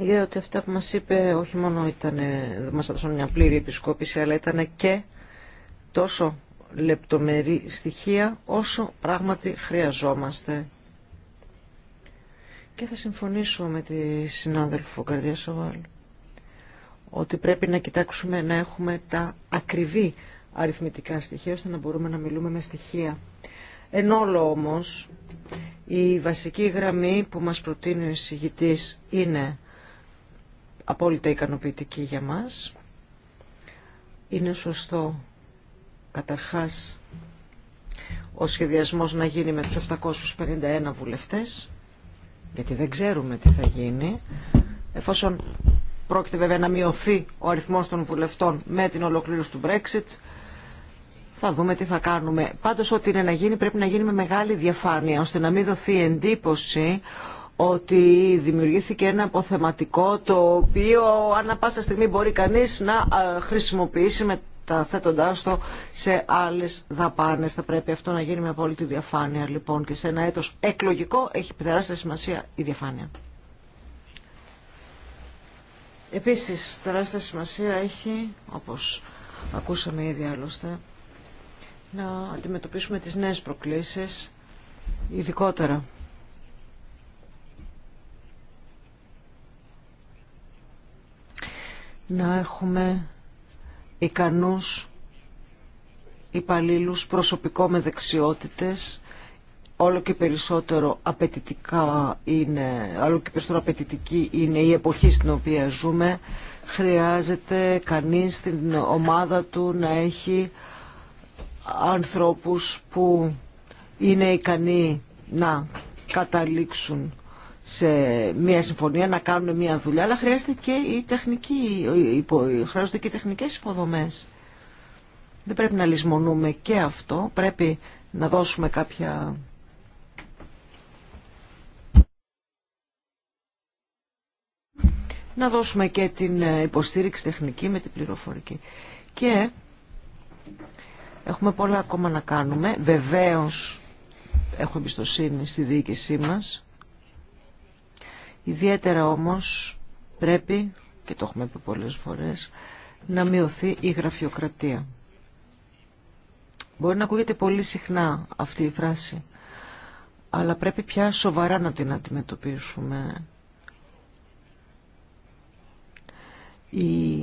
ότι αυτά που μας είπε όχι μόνο ήταν, μας έδωσαν μια πλήρη επισκόπηση, αλλά ήταν και τόσο λεπτομερή στοιχεία όσο πράγματι χρειαζόμαστε. Και θα συμφωνήσω με τη συνάδελφο Καρδιά Σοβάλ ότι πρέπει να κοιτάξουμε να έχουμε τα ακριβή αριθμητικά στοιχεία ώστε να μπορούμε να μιλούμε με στοιχεία. Εν όλο όμως η βασική γραμμή που μας προτείνει ο εισηγητής είναι απόλυτα ικανοποιητική για μας. Είναι σωστό καταρχάς ο σχεδιασμός να γίνει με τους 751 βουλευτές, γιατί δεν ξέρουμε τι θα γίνει, εφόσον πρόκειται βέβαια να μειωθεί ο αριθμός των βουλευτών με την ολοκλήρωση του Brexit, θα δούμε τι θα κάνουμε. Πάντως ό,τι είναι να γίνει πρέπει να γίνει με μεγάλη διαφάνεια, ώστε να μην δοθεί εντύπωση ότι δημιουργήθηκε ένα αποθεματικό το οποίο ανά πάσα στιγμή μπορεί κανείς να ε, χρησιμοποιήσει μεταθέτοντάς το σε άλλες δαπάνες. Θα πρέπει αυτό να γίνει με απόλυτη διαφάνεια λοιπόν και σε ένα έτος εκλογικό έχει τεράστια σημασία η διαφάνεια. Επίσης τεράστια σημασία έχει, όπως ακούσαμε ήδη άλλωστε, να αντιμετωπίσουμε τις νέες προκλήσεις ειδικότερα να έχουμε ικανούς υπαλλήλους προσωπικό με δεξιότητες όλο και περισσότερο απαιτητικά είναι, όλο και περισσότερο απαιτητική είναι η εποχή στην οποία ζούμε. Χρειάζεται κανείς στην ομάδα του να έχει ανθρώπους που είναι ικανοί να καταλήξουν σε μια συμφωνία να κάνουν μια δουλειά, αλλά χρειάζεται και η τεχνική, χρειάζονται και οι τεχνικές υποδομές. Δεν πρέπει να λησμονούμε και αυτό, πρέπει να δώσουμε κάποια... να δώσουμε και την ε, υποστήριξη τεχνική με την πληροφορική. Και έχουμε πολλά ακόμα να κάνουμε. Βεβαίως έχω εμπιστοσύνη στη διοίκησή μας Ιδιαίτερα όμως πρέπει, και το έχουμε πει πολλές φορές, να μειωθεί η γραφειοκρατία. Μπορεί να ακούγεται πολύ συχνά αυτή η φράση, αλλά πρέπει πια σοβαρά να την αντιμετωπίσουμε. Η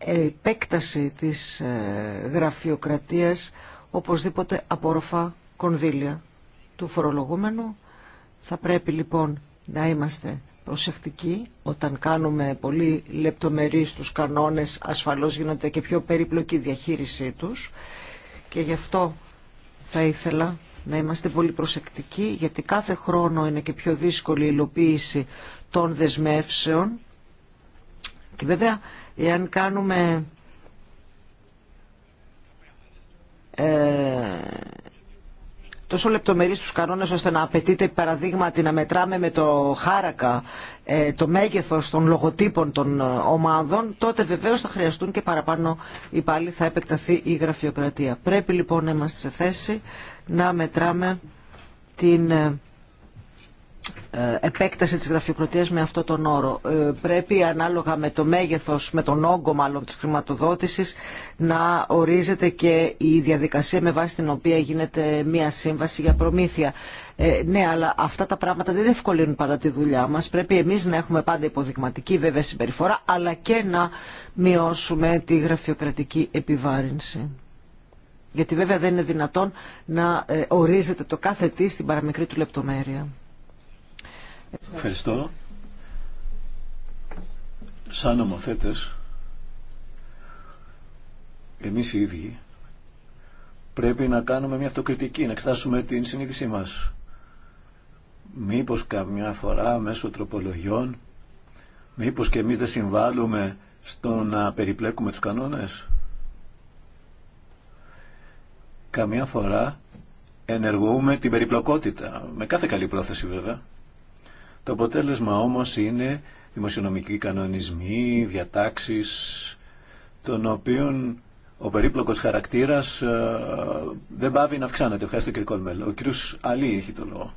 επέκταση της ε, γραφειοκρατίας οπωσδήποτε απορροφά κονδύλια του φορολογούμενου. Θα πρέπει λοιπόν να είμαστε προσεκτικοί όταν κάνουμε πολύ λεπτομερείς τους κανόνες ασφαλώς γίνονται και πιο περιπλοκή διαχείρισή τους και γι' αυτό θα ήθελα να είμαστε πολύ προσεκτικοί γιατί κάθε χρόνο είναι και πιο δύσκολη η υλοποίηση των δεσμεύσεων και βέβαια εάν κάνουμε ε, τόσο λεπτομερείς τους κανόνες ώστε να απαιτείται παραδείγματι να μετράμε με το χάρακα ε, το μέγεθος των λογοτύπων των ε, ομάδων, τότε βεβαίως θα χρειαστούν και παραπάνω υπάλληλοι θα επεκταθεί η γραφειοκρατία. Πρέπει λοιπόν να είμαστε σε θέση να μετράμε την ε, ε, επέκταση της γραφειοκρατίας με αυτόν τον όρο. Ε, πρέπει ανάλογα με το μέγεθος, με τον όγκο μάλλον της χρηματοδότησης να ορίζεται και η διαδικασία με βάση την οποία γίνεται μία σύμβαση για προμήθεια. Ε, ναι, αλλά αυτά τα πράγματα δεν διευκολύνουν πάντα τη δουλειά μας. Πρέπει εμείς να έχουμε πάντα υποδειγματική βέβαια συμπεριφορά αλλά και να μειώσουμε τη γραφειοκρατική επιβάρυνση. Γιατί βέβαια δεν είναι δυνατόν να ορίζεται το κάθε τι στην παραμικρή του λεπτομέρεια. Ευχαριστώ. Σαν νομοθέτες, εμείς οι ίδιοι, πρέπει να κάνουμε μια αυτοκριτική, να εξετάσουμε την συνείδησή μας. Μήπως καμιά φορά μέσω τροπολογιών, μήπως και εμείς δεν συμβάλλουμε στο να περιπλέκουμε τους κανόνες. Καμιά φορά ενεργούμε την περιπλοκότητα, με κάθε καλή πρόθεση βέβαια. Το αποτέλεσμα όμως είναι δημοσιονομικοί κανονισμοί, διατάξεις, των οποίων ο περίπλοκος χαρακτήρας ε, δεν πάβει να αυξάνεται. Ευχαριστώ κύριε Κόλμελ. Ο κύριος Αλή έχει το λόγο.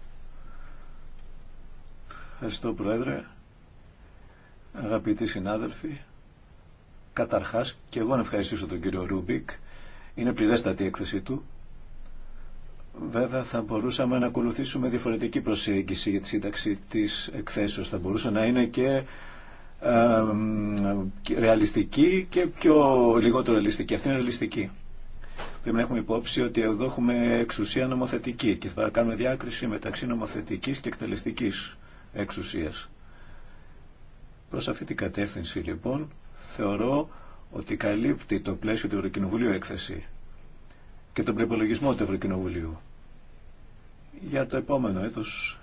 Ευχαριστώ Πρόεδρε, αγαπητοί συνάδελφοι. Καταρχάς και εγώ να ευχαριστήσω τον κύριο Ρούμπικ. Είναι πληρέστατη η έκθεσή του Βέβαια θα μπορούσαμε να ακολουθήσουμε διαφορετική προσέγγιση για τη σύνταξη της εκθέσεως. Θα μπορούσε να είναι και ε, ρεαλιστική και πιο λιγότερο ρεαλιστική. Αυτή είναι ρεαλιστική. Πρέπει να έχουμε υπόψη ότι εδώ έχουμε εξουσία νομοθετική και θα κάνουμε διάκριση μεταξύ νομοθετικής και εκτελεστικής εξουσίας. Προς αυτή την κατεύθυνση λοιπόν θεωρώ ότι καλύπτει το πλαίσιο του Ευρωκοινοβουλίου έκθεση και τον προπολογισμό του Ευρωκοινοβουλίου για το επόμενο έτος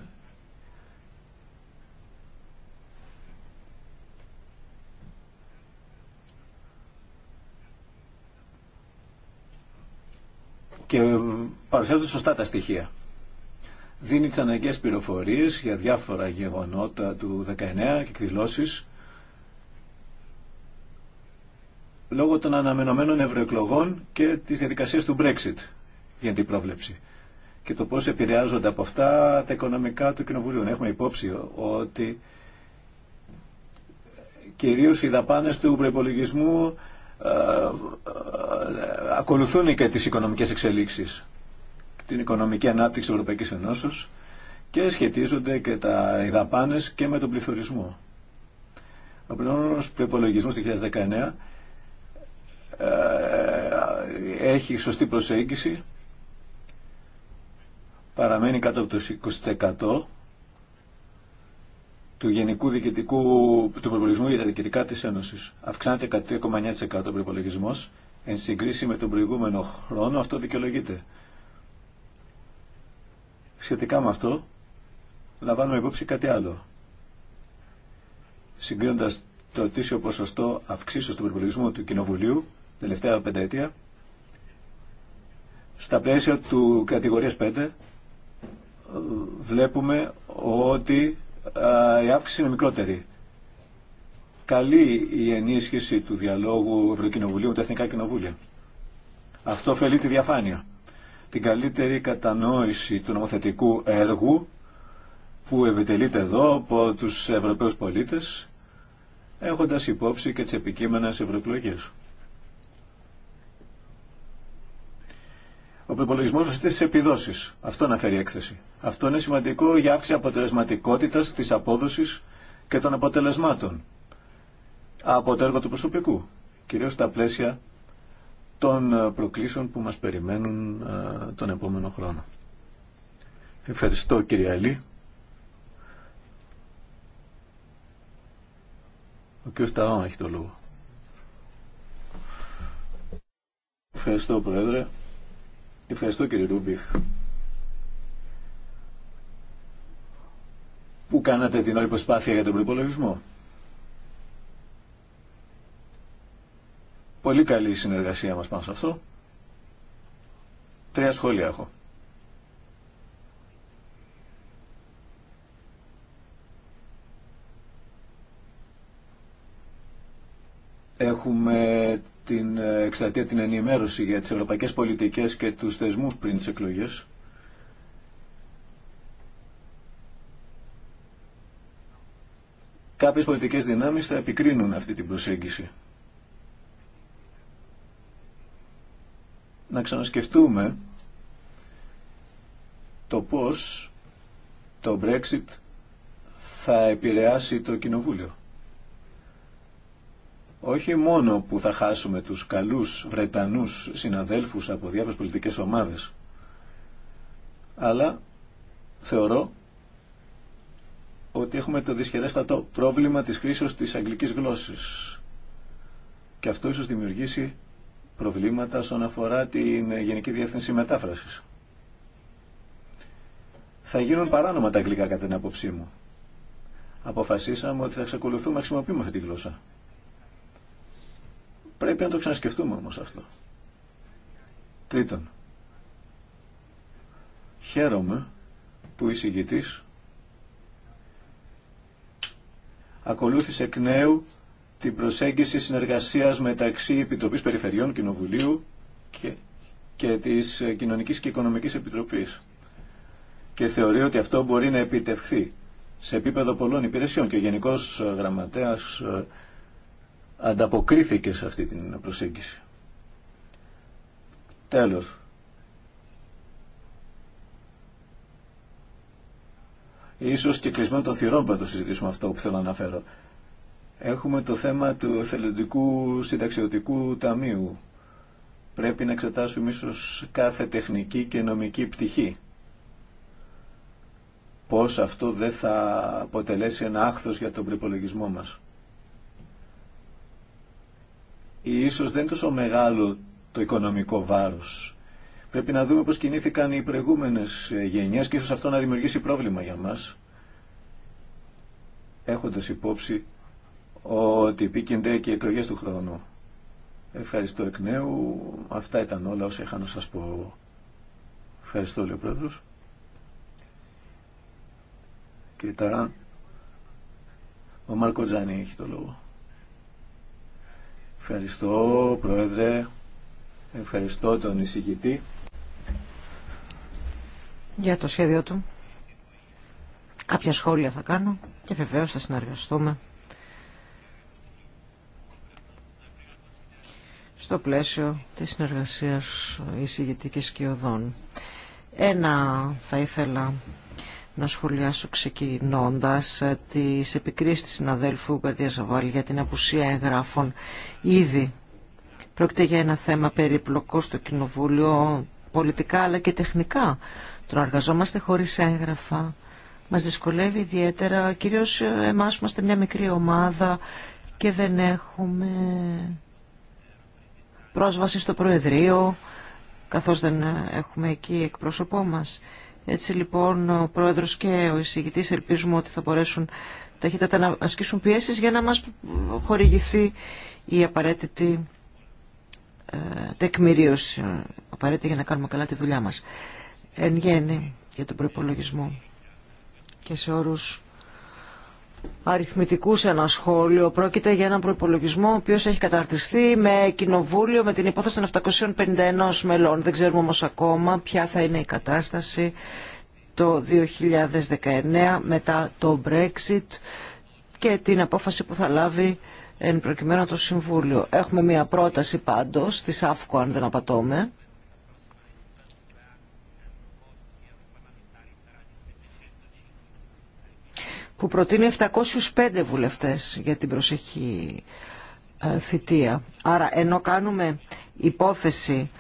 και παρουσιάζονται σωστά τα στοιχεία. Δίνει τις αναγκαίες πληροφορίες για διάφορα γεγονότα του 19 και εκδηλώσεις λόγω των αναμενωμένων ευρωεκλογών και της διαδικασίας του Brexit για την πρόβλεψη και το πώς επηρεάζονται από αυτά τα οικονομικά του Κοινοβουλίου. Έχουμε υπόψη ότι κυρίως οι δαπάνες του προπολογισμού ε, ε, ακολουθούν και τις οικονομικές εξελίξεις, την οικονομική ανάπτυξη της Ευρωπαϊκής Ενώσεως και σχετίζονται και τα οι δαπάνες και με τον πληθωρισμό. Ο πληθωρισμός προπολογισμός του 2019 ε, έχει σωστή προσέγγιση παραμένει κάτω από το 20% του γενικού διοικητικού, του προπολογισμού για τα διοικητικά της Ένωσης. Αυξάνεται κατά 3,9% ο προπολογισμό εν συγκρίση με τον προηγούμενο χρόνο. Αυτό δικαιολογείται. Σχετικά με αυτό, λαμβάνουμε υπόψη κάτι άλλο. Συγκρίνοντας το ετήσιο ποσοστό αυξήσεως του προπολογισμού του Κοινοβουλίου, τελευταία πενταετία, στα πλαίσια του κατηγορίας 5, βλέπουμε ότι η αύξηση είναι μικρότερη. Καλή η ενίσχυση του διαλόγου Ευρωκοινοβουλίου με τα Εθνικά Κοινοβούλια. Αυτό ωφελεί τη διαφάνεια. Την καλύτερη κατανόηση του νομοθετικού έργου που επιτελείται εδώ από τους Ευρωπαίους πολίτες έχοντας υπόψη και τις επικείμενες ευρωεκλογές. Ο προπολογισμό βασίζεται στι επιδόσει. Αυτό αναφέρει η έκθεση. Αυτό είναι σημαντικό για αύξηση αποτελεσματικότητα τη απόδοση και των αποτελεσμάτων από το έργο του προσωπικού. Κυρίω στα πλαίσια των ε, προκλήσεων που μας περιμένουν ε, τον επόμενο χρόνο. Ευχαριστώ κύριε Αλή. Ο κ. Σταόν έχει το λόγο. Ευχαριστώ Πρόεδρε. Ευχαριστώ κύριε Ρούμπιχ που κάνατε την όλη προσπάθεια για τον προπολογισμό. Πολύ καλή συνεργασία μας πάνω σε αυτό. Τρία σχόλια έχω. Έχουμε την ε, εξαρτία την ενημέρωση για τις ευρωπαϊκές πολιτικές και τους θεσμούς πριν τις εκλογές. Κάποιες πολιτικές δυνάμεις θα επικρίνουν αυτή την προσέγγιση. Να ξανασκεφτούμε το πώς το Brexit θα επηρεάσει το Κοινοβούλιο όχι μόνο που θα χάσουμε τους καλούς Βρετανούς συναδέλφους από διάφορες πολιτικές ομάδες, αλλά θεωρώ ότι έχουμε το δυσχερέστατο πρόβλημα της χρήσης της αγγλικής γλώσσης. Και αυτό ίσως δημιουργήσει προβλήματα όσον αφορά την Γενική Διεύθυνση Μετάφρασης. Θα γίνουν παράνομα τα αγγλικά κατά την άποψή μου. Αποφασίσαμε ότι θα εξακολουθούμε να χρησιμοποιούμε αυτή τη γλώσσα. Πρέπει να το ξανασκεφτούμε όμως αυτό. Τρίτον, χαίρομαι που η ΣΥγητή ακολούθησε εκ νέου την προσέγγιση συνεργασίας μεταξύ Επιτροπής Περιφερειών Κοινοβουλίου και, και της Κοινωνικής και Οικονομικής Επιτροπής. Και θεωρεί ότι αυτό μπορεί να επιτευχθεί σε επίπεδο πολλών υπηρεσιών και ο Γενικός Γραμματέας ε, ανταποκρίθηκε σε αυτή την προσέγγιση. Τέλος. Ίσως και κλεισμένο των θυρών να το συζητήσουμε αυτό που θέλω να αναφέρω. Έχουμε το θέμα του εθελοντικού συνταξιωτικού ταμείου. Πρέπει να εξετάσουμε ίσως κάθε τεχνική και νομική πτυχή. Πώς αυτό δεν θα αποτελέσει ένα άχθος για τον προπολογισμό μας ίσως δεν είναι τόσο μεγάλο το οικονομικό βάρος. Πρέπει να δούμε πώς κινήθηκαν οι προηγούμενες γενιές και ίσως αυτό να δημιουργήσει πρόβλημα για μας, έχοντας υπόψη ότι επίκυνται και οι εκλογές του χρόνου. Ευχαριστώ εκ νέου. Αυτά ήταν όλα όσα είχα να σας πω. Ευχαριστώ, λέει ο Πρόεδρος. Κύριε ο Μάρκο έχει το λόγο. Ευχαριστώ, Πρόεδρε. Ευχαριστώ τον εισηγητή. Για το σχέδιο του. Κάποια σχόλια θα κάνω και βεβαίως θα συνεργαστούμε. στο πλαίσιο της συνεργασίας εισηγητικής και οδών. Ένα θα ήθελα να σχολιάσω ξεκινώντας ε, τις επικρίσεις της συναδέλφου Γκαρδία Ζαβάλη για την απουσία εγγράφων ήδη. Πρόκειται για ένα θέμα περιπλοκό στο Κοινοβούλιο, πολιτικά αλλά και τεχνικά. Τον εργαζόμαστε χωρίς έγγραφα. Μας δυσκολεύει ιδιαίτερα, κυρίως ε, εμάς είμαστε μια μικρή ομάδα και δεν έχουμε πρόσβαση στο Προεδρείο, καθώς δεν ε, έχουμε εκεί εκπρόσωπό μας. Έτσι λοιπόν ο Πρόεδρος και ο εισηγητής ελπίζουμε ότι θα μπορέσουν ταχύτατα να ασκήσουν πιέσεις για να μας χορηγηθεί η απαραίτητη ε, τεκμηρίωση απαραίτητη για να κάνουμε καλά τη δουλειά μας. Εν γέννη για τον προπολογισμό και σε όρους αριθμητικούς ένα σχόλιο. Πρόκειται για έναν προπολογισμό ο οποίο έχει καταρτιστεί με κοινοβούλιο με την υπόθεση των 751 μελών. Δεν ξέρουμε όμω ακόμα ποια θα είναι η κατάσταση το 2019 μετά το Brexit και την απόφαση που θα λάβει εν προκειμένου το Συμβούλιο. Έχουμε μία πρόταση πάντως της ΑΦΚΟ αν δεν απατώμε που προτείνει 705 βουλευτές για την προσεχή ε, θητεία. Άρα ενώ κάνουμε υπόθεση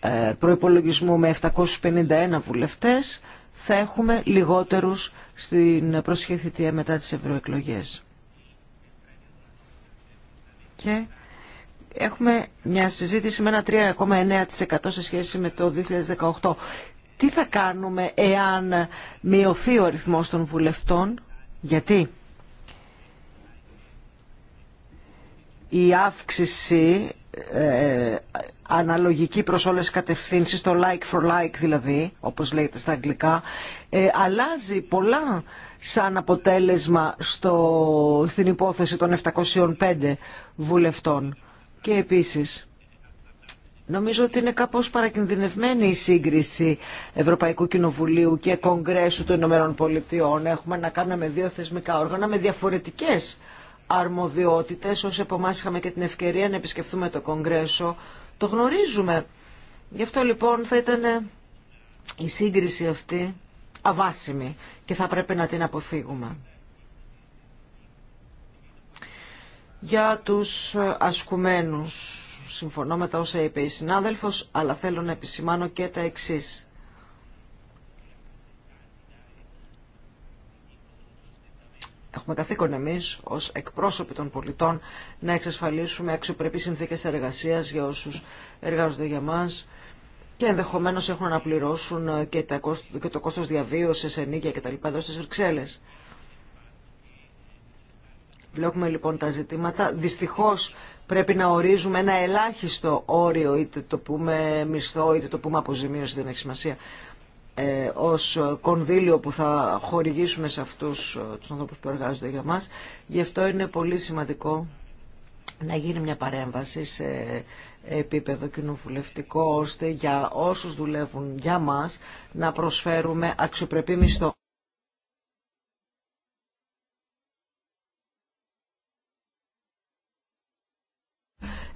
ε, προϋπολογισμού με 751 βουλευτές θα έχουμε λιγότερους στην προσεχή θητεία μετά τις ευρωεκλογές. Και έχουμε μια συζήτηση με ένα 3,9% σε σχέση με το 2018. Τι θα κάνουμε εάν μειωθεί ο αριθμός των βουλευτών γιατί η αύξηση ε, αναλογική προς όλες τις κατευθύνσεις, το like for like δηλαδή, όπως λέγεται στα αγγλικά, ε, αλλάζει πολλά σαν αποτέλεσμα στο, στην υπόθεση των 705 βουλευτών. Και επίσης, Νομίζω ότι είναι κάπως παρακινδυνευμένη η σύγκριση Ευρωπαϊκού Κοινοβουλίου και Κογκρέσου των Ηνωμένων Πολιτειών. Έχουμε να κάνουμε με δύο θεσμικά όργανα με διαφορετικές αρμοδιότητες. Όσοι από εμάς είχαμε και την ευκαιρία να επισκεφθούμε το Κογκρέσο, το γνωρίζουμε. Γι' αυτό λοιπόν θα ήταν η σύγκριση αυτή αβάσιμη και θα πρέπει να την αποφύγουμε. Για τους ασκουμένους συμφωνώ με τα όσα είπε η συνάδελφος, αλλά θέλω να επισημάνω και τα εξής. Έχουμε καθήκον εμείς ως εκπρόσωποι των πολιτών να εξασφαλίσουμε αξιοπρεπείς συνθήκες εργασίας για όσους εργάζονται για μας και ενδεχομένως έχουν να πληρώσουν ε, και, το κόστος διαβίωσης, ενίκια κτλ. εδώ στις Βρυξέλλες. Βλέπουμε λοιπόν τα ζητήματα. Δυστυχώς πρέπει να ορίζουμε ένα ελάχιστο όριο, είτε το πούμε μισθό, είτε το πούμε αποζημίωση, δεν έχει σημασία, ε, ως κονδύλιο που θα χορηγήσουμε σε αυτούς ε, τους ανθρώπους που εργάζονται για μας. Γι' αυτό είναι πολύ σημαντικό να γίνει μια παρέμβαση σε επίπεδο κοινοβουλευτικό, ώστε για όσους δουλεύουν για μας να προσφέρουμε αξιοπρεπή μισθό.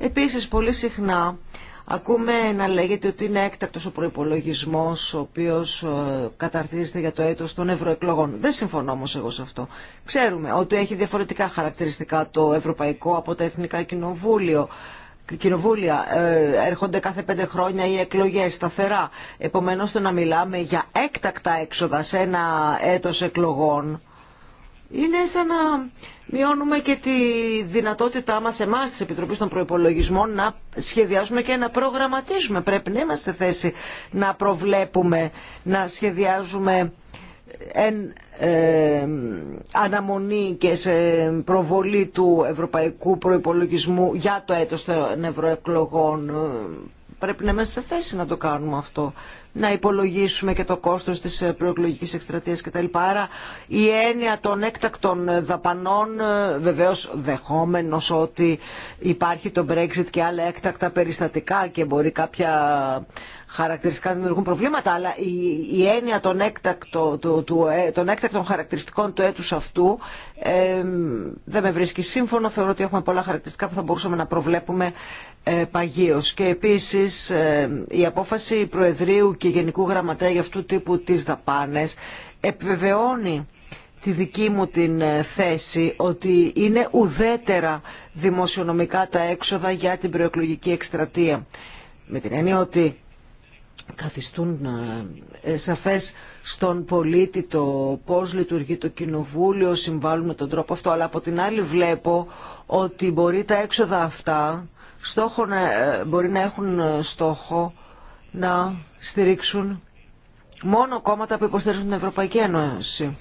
Επίσης, πολύ συχνά ακούμε να λέγεται ότι είναι έκτακτος ο προϋπολογισμός ο οποίος ε, καταρτίζεται για το έτος των ευρωεκλογών. Δεν συμφωνώ όμως εγώ σε αυτό. Ξέρουμε ότι έχει διαφορετικά χαρακτηριστικά το Ευρωπαϊκό από τα Εθνικά Κοινοβούλιο κοινοβούλια ε, έρχονται κάθε πέντε χρόνια οι εκλογές σταθερά. Επομένως το να μιλάμε για έκτακτα έξοδα σε ένα έτος εκλογών είναι σαν να μειώνουμε και τη δυνατότητά μας εμάς της Επιτροπής των Προϋπολογισμών να σχεδιάζουμε και να προγραμματίζουμε. Πρέπει να είμαστε σε θέση να προβλέπουμε, να σχεδιάζουμε εν ε, αναμονή και προβολή του ευρωπαϊκού προϋπολογισμού για το έτος των ευρωεκλογών πρέπει να είμαστε σε θέση να το κάνουμε αυτό. Να υπολογίσουμε και το κόστος της ε, προεκλογικής εκστρατείας κτλ. Άρα η έννοια των έκτακτων ε, δαπανών ε, βεβαίως δεχόμενος ότι υπάρχει το Brexit και άλλα έκτακτα περιστατικά και μπορεί κάποια χαρακτηριστικά να δημιουργούν προβλήματα αλλά η, έννοια των, έκτακτο, του, του, των έκτακτων χαρακτηριστικών του έτους αυτού ε, δεν με βρίσκει σύμφωνο. Θεωρώ ότι έχουμε πολλά χαρακτηριστικά που θα μπορούσαμε να προβλέπουμε ε, παγίως. Και επίσης ε, η απόφαση Προεδρείου και Γενικού Γραμματέα για αυτού τύπου τις δαπάνες επιβεβαιώνει τη δική μου την ε, θέση ότι είναι ουδέτερα δημοσιονομικά τα έξοδα για την προεκλογική εκστρατεία. Με την έννοια ότι καθιστούν σαφές στον πολίτη το πώς λειτουργεί το κοινοβούλιο, συμβάλλουν με τον τρόπο αυτό, αλλά από την άλλη βλέπω ότι μπορεί τα έξοδα αυτά στόχο ε, μπορεί να έχουν ε, στόχο να στηρίξουν μόνο κόμματα που υποστηρίζουν την Ευρωπαϊκή Ένωση.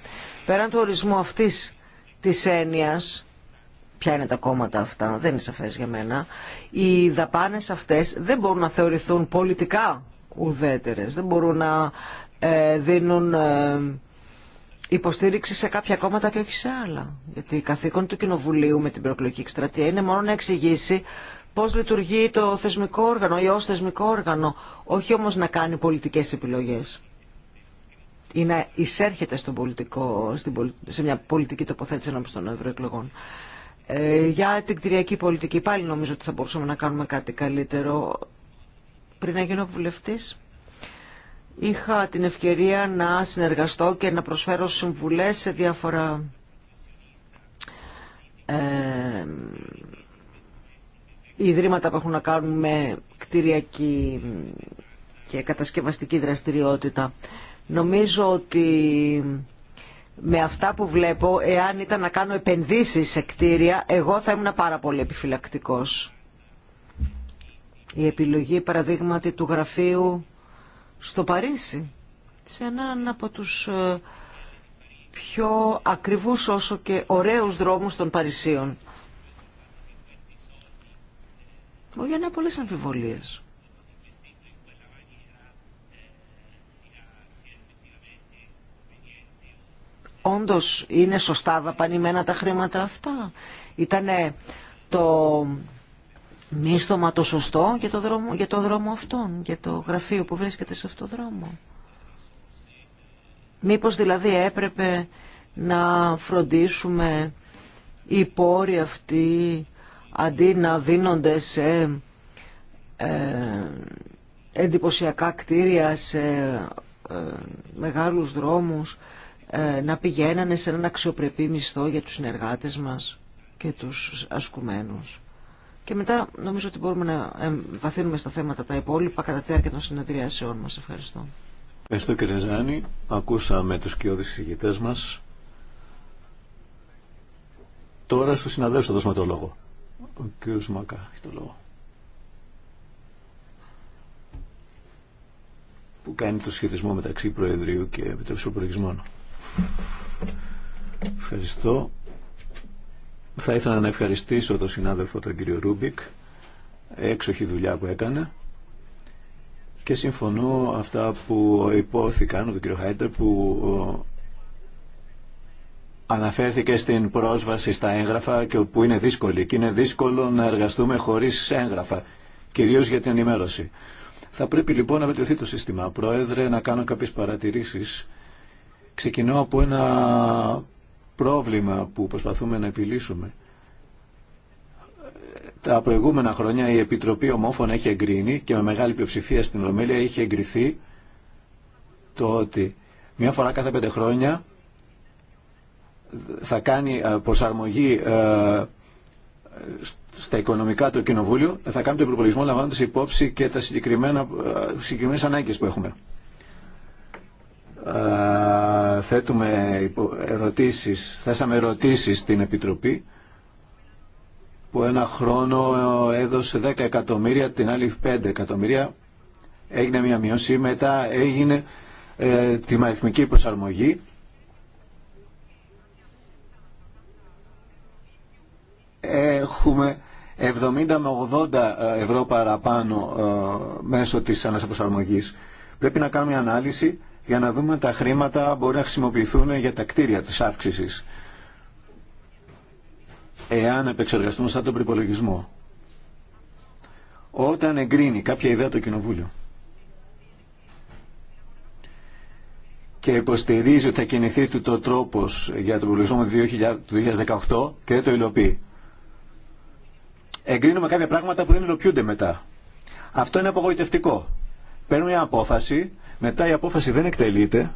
Πέραν του ορισμού αυτής της έννοιας, ποια είναι τα κόμματα αυτά, δεν είναι σαφές για μένα, οι δαπάνες αυτές δεν μπορούν να θεωρηθούν πολιτικά ουδέτερες, δεν μπορούν να ε, δίνουν... υποστήριξη σε κάποια κόμματα και όχι σε άλλα. Γιατί η καθήκον του Κοινοβουλίου με την προκλογική εκστρατεία είναι μόνο να εξηγήσει πώς λειτουργεί το θεσμικό όργανο ή ως θεσμικό όργανο, όχι όμως να κάνει πολιτικές επιλογές ή να εισέρχεται στον πολιτικό, στην, σε μια πολιτική τοποθέτηση ενώπιση των ευρωεκλογών. Ε, για την κτηριακή πολιτική πάλι νομίζω ότι θα μπορούσαμε να κάνουμε κάτι καλύτερο. Πριν να γίνω βουλευτής, είχα την ευκαιρία να συνεργαστώ και να προσφέρω συμβουλές σε διάφορα ε, ιδρύματα που έχουν να κάνουν με κτηριακή και κατασκευαστική δραστηριότητα. Νομίζω ότι με αυτά που βλέπω, εάν ήταν να κάνω επενδύσεις σε κτίρια, εγώ θα ήμουν πάρα πολύ επιφυλακτικός. Η επιλογή, παραδείγματι, του γραφείου στο Παρίσι, σε έναν από τους ε, πιο ακριβούς όσο και ωραίους δρόμους των Παρισίων. μου να πολλές αμφιβολίες. Όντως είναι σωστά δαπανημένα τα χρήματα αυτά. Ήτανε το μίστομα το σωστό για το δρόμο, για το δρόμο αυτόν, για το γραφείο που βρίσκεται σε αυτό το δρόμο. Μήπως δηλαδή έπρεπε να φροντίσουμε οι πόροι αυτοί αντί να δίνονται σε ε, εντυπωσιακά κτίρια, σε ε, μεγάλους δρόμους, ε, να πηγαίνανε σε έναν αξιοπρεπή μισθό για τους συνεργάτες μας και τους ασκουμένους. Και μετά νομίζω ότι μπορούμε να βαθύνουμε στα θέματα τα υπόλοιπα κατά τη διάρκεια των συνεδριάσεών μας. Ευχαριστώ. Ευχαριστώ κύριε Ζάνη. Ακούσαμε τους κοιόδης ηγητές μας. Τώρα στους συναδέλφους θα δώσουμε το λόγο. Ο κύριος Μακά έχει το λόγο. Που κάνει το σχετισμό μεταξύ Προεδρείου και Επιτροπής Προλογισμών. Ευχαριστώ. Θα ήθελα να ευχαριστήσω τον συνάδελφο τον κύριο Ρούμπικ έξοχη δουλειά που έκανε και συμφωνώ αυτά που υπόθηκαν τον κύριο Χάιντερ που Αναφέρθηκε στην πρόσβαση στα έγγραφα και που είναι δύσκολη και είναι δύσκολο να εργαστούμε χωρίς έγγραφα, κυρίως για την ενημέρωση. Θα πρέπει λοιπόν να βελτιωθεί το σύστημα. Πρόεδρε, να κάνω κάποιες παρατηρήσεις. Ξεκινώ από ένα πρόβλημα που προσπαθούμε να επιλύσουμε. Τα προηγούμενα χρόνια η Επιτροπή Ομόφων έχει εγκρίνει και με μεγάλη πλειοψηφία στην Ολομέλεια είχε εγκριθεί το ότι μια φορά κάθε πέντε χρόνια θα κάνει ε, προσαρμογή ε, στα οικονομικά του Κοινοβούλιο, θα κάνει τον προπολογισμό λαμβάνοντα υπόψη και τα συγκεκριμένα ε, συγκεκριμένες ανάγκες που έχουμε. θέτουμε ερωτήσεις, θέσαμε ερωτήσει στην Επιτροπή που ένα χρόνο έδωσε 10 εκατομμύρια, την άλλη 5 εκατομμύρια. Έγινε μια μειώση, μετά έγινε ε, τη μαριθμική προσαρμογή έχουμε 70 με 80 ε, ευρώ παραπάνω ε, μέσω της ανασαπροσαρμογής. Πρέπει να κάνουμε ανάλυση για να δούμε τα χρήματα μπορεί να χρησιμοποιηθούν για τα κτίρια της αύξησης εάν επεξεργαστούν σαν τον προπολογισμό. Όταν εγκρίνει κάποια ιδέα το Κοινοβούλιο και υποστηρίζει ότι θα κινηθεί του το τρόπος για τον προπολογισμό του 2018 και δεν το υλοποιεί εγκρίνουμε κάποια πράγματα που δεν υλοποιούνται μετά. Αυτό είναι απογοητευτικό. Παίρνουμε μια απόφαση, μετά η απόφαση δεν εκτελείται.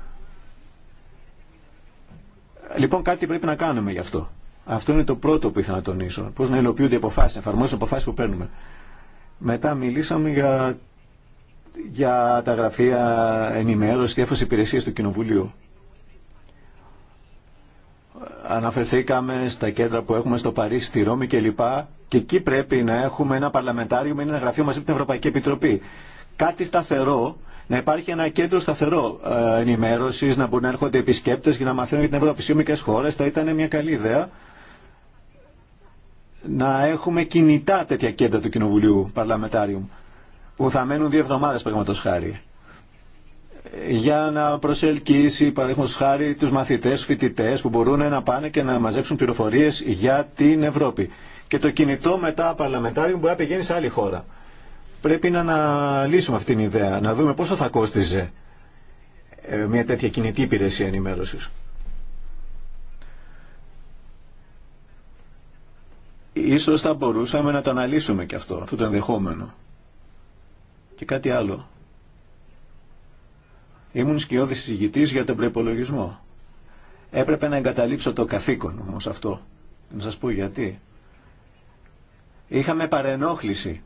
Λοιπόν, κάτι πρέπει να κάνουμε γι' αυτό. Αυτό είναι το πρώτο που ήθελα να τονίσω. Πώ να υλοποιούνται οι αποφάσει, εφαρμόζονται οι αποφάσει που παίρνουμε. Μετά μιλήσαμε για, για τα γραφεία ενημέρωση, διάφορε υπηρεσίε του Κοινοβουλίου αναφερθήκαμε στα κέντρα που έχουμε στο Παρίσι, στη Ρώμη κλπ. Και εκεί πρέπει να έχουμε ένα παρλαμεντάριο με ένα γραφείο μαζί με την Ευρωπαϊκή Επιτροπή. Κάτι σταθερό, να υπάρχει ένα κέντρο σταθερό ε, ενημέρωση, να μπορούν να έρχονται επισκέπτε για να μαθαίνουν για την Ευρώπη. Στι μικρέ χώρε θα ήταν μια καλή ιδέα να έχουμε κινητά τέτοια κέντρα του Κοινοβουλίου Παρλαμεντάριου που θα μένουν δύο εβδομάδε, παραδείγματο χάρη για να προσελκύσει παραδείγματος χάρη τους μαθητές, φοιτητές που μπορούν να πάνε και να μαζέψουν πληροφορίες για την Ευρώπη. Και το κινητό μετά παρλαμεντάριο μπορεί να πηγαίνει σε άλλη χώρα. Πρέπει να αναλύσουμε αυτήν την ιδέα, να δούμε πόσο θα κόστιζε ε, μια τέτοια κινητή υπηρεσία ενημέρωση. Ίσως θα μπορούσαμε να το αναλύσουμε και αυτό, αυτό το ενδεχόμενο. Και κάτι άλλο. Ήμουν σκιώδης συζητητής για τον προπολογισμό. Έπρεπε να εγκαταλείψω το καθήκον όμως αυτό. Να σας πω γιατί. Είχαμε παρενόχληση.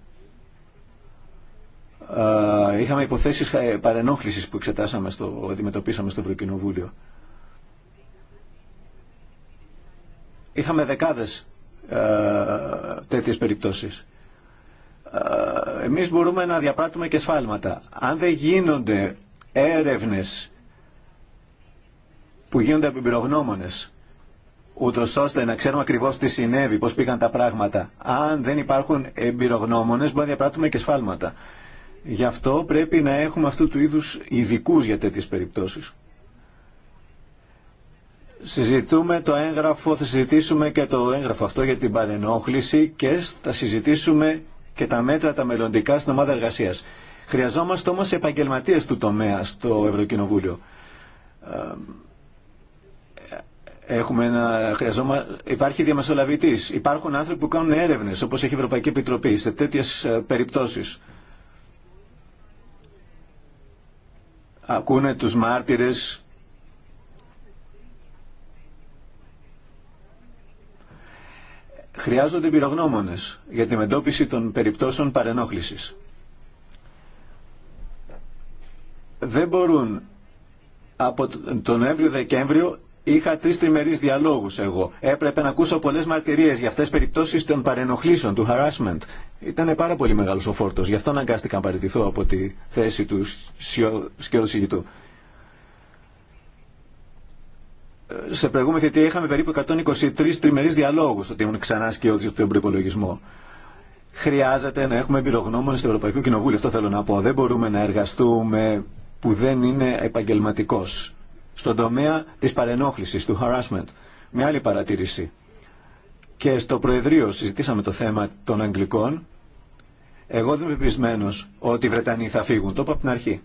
Είχαμε υποθέσεις ε, παρενόχλησης που εξετάσαμε στο, αντιμετωπίσαμε στο Ευρωκοινοβούλιο. Είχαμε δεκάδες τέτοιε τέτοιες περιπτώσεις. Ε, εμείς μπορούμε να διαπράττουμε και σφάλματα. Αν δεν γίνονται έρευνες που γίνονται από εμπειρογνώμονες ούτω ώστε να ξέρουμε ακριβώ τι συνέβη, πώ πήγαν τα πράγματα. Αν δεν υπάρχουν εμπειρογνώμονε, μπορεί να διαπράττουμε και σφάλματα. Γι' αυτό πρέπει να έχουμε αυτού του είδου ειδικού για τέτοιε περιπτώσει. Συζητούμε το έγγραφο, θα συζητήσουμε και το έγγραφο αυτό για την παρενόχληση και θα συζητήσουμε και τα μέτρα τα μελλοντικά στην ομάδα εργασία. Χρειαζόμαστε όμως επαγγελματίες του τομέα στο Ευρωκοινοβούλιο. Ε, έχουμε ένα, χρειαζόμα, υπάρχει διαμεσολαβητής. Υπάρχουν άνθρωποι που κάνουν έρευνες, όπως έχει η Ευρωπαϊκή Επιτροπή, σε τέτοιες ε, περιπτώσεις. Ακούνε τους μάρτυρες, χρειάζονται πυρογνώμονες για την εντόπιση των περιπτώσεων παρενόχλησης. δεν μπορούν. Από τον Νοέμβριο-Δεκέμβριο είχα τρει τριμερεί διαλόγου εγώ. Έπρεπε να ακούσω πολλέ μαρτυρίε για αυτέ τι περιπτώσει των παρενοχλήσεων, του harassment. Ήταν πάρα πολύ μεγάλο ο φόρτο. Γι' αυτό αναγκάστηκα να παραιτηθώ από τη θέση του ηγητού. Σε προηγούμενη θητεία είχαμε περίπου 123 τριμερεί διαλόγου ότι ήμουν ξανά σκιώδη του προπολογισμό. Χρειάζεται να έχουμε εμπειρογνώμονε στο Ευρωπαϊκό Κοινοβούλιο. Αυτό θέλω να πω. Δεν μπορούμε να εργαστούμε που δεν είναι επαγγελματικός. Στον τομέα της παρενόχλησης, του harassment. Με άλλη παρατήρηση. Και στο Προεδρείο συζητήσαμε το θέμα των Αγγλικών. Εγώ δεν είμαι ότι οι Βρετανοί θα φύγουν. Το είπα από την αρχή.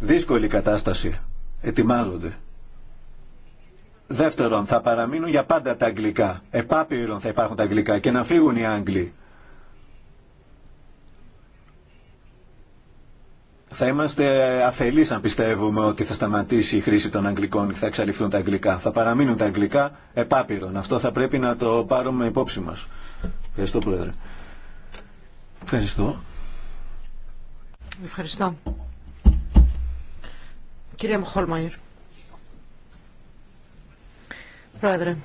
Δύσκολη κατάσταση. Ετοιμάζονται. Δεύτερον, θα παραμείνουν για πάντα τα αγγλικά. Επάπειρον θα υπάρχουν τα αγγλικά και να φύγουν οι Άγγλοι. θα είμαστε αφελείς αν πιστεύουμε ότι θα σταματήσει η χρήση των αγγλικών και θα εξαλειφθούν τα αγγλικά. Θα παραμείνουν τα αγγλικά επάπειρον. Αυτό θα πρέπει να το πάρουμε υπόψη μας. Ευχαριστώ, Πρόεδρε. Ευχαριστώ. Ευχαριστώ. Κύριε Μοχόλμαϊρ. Πρόεδρε.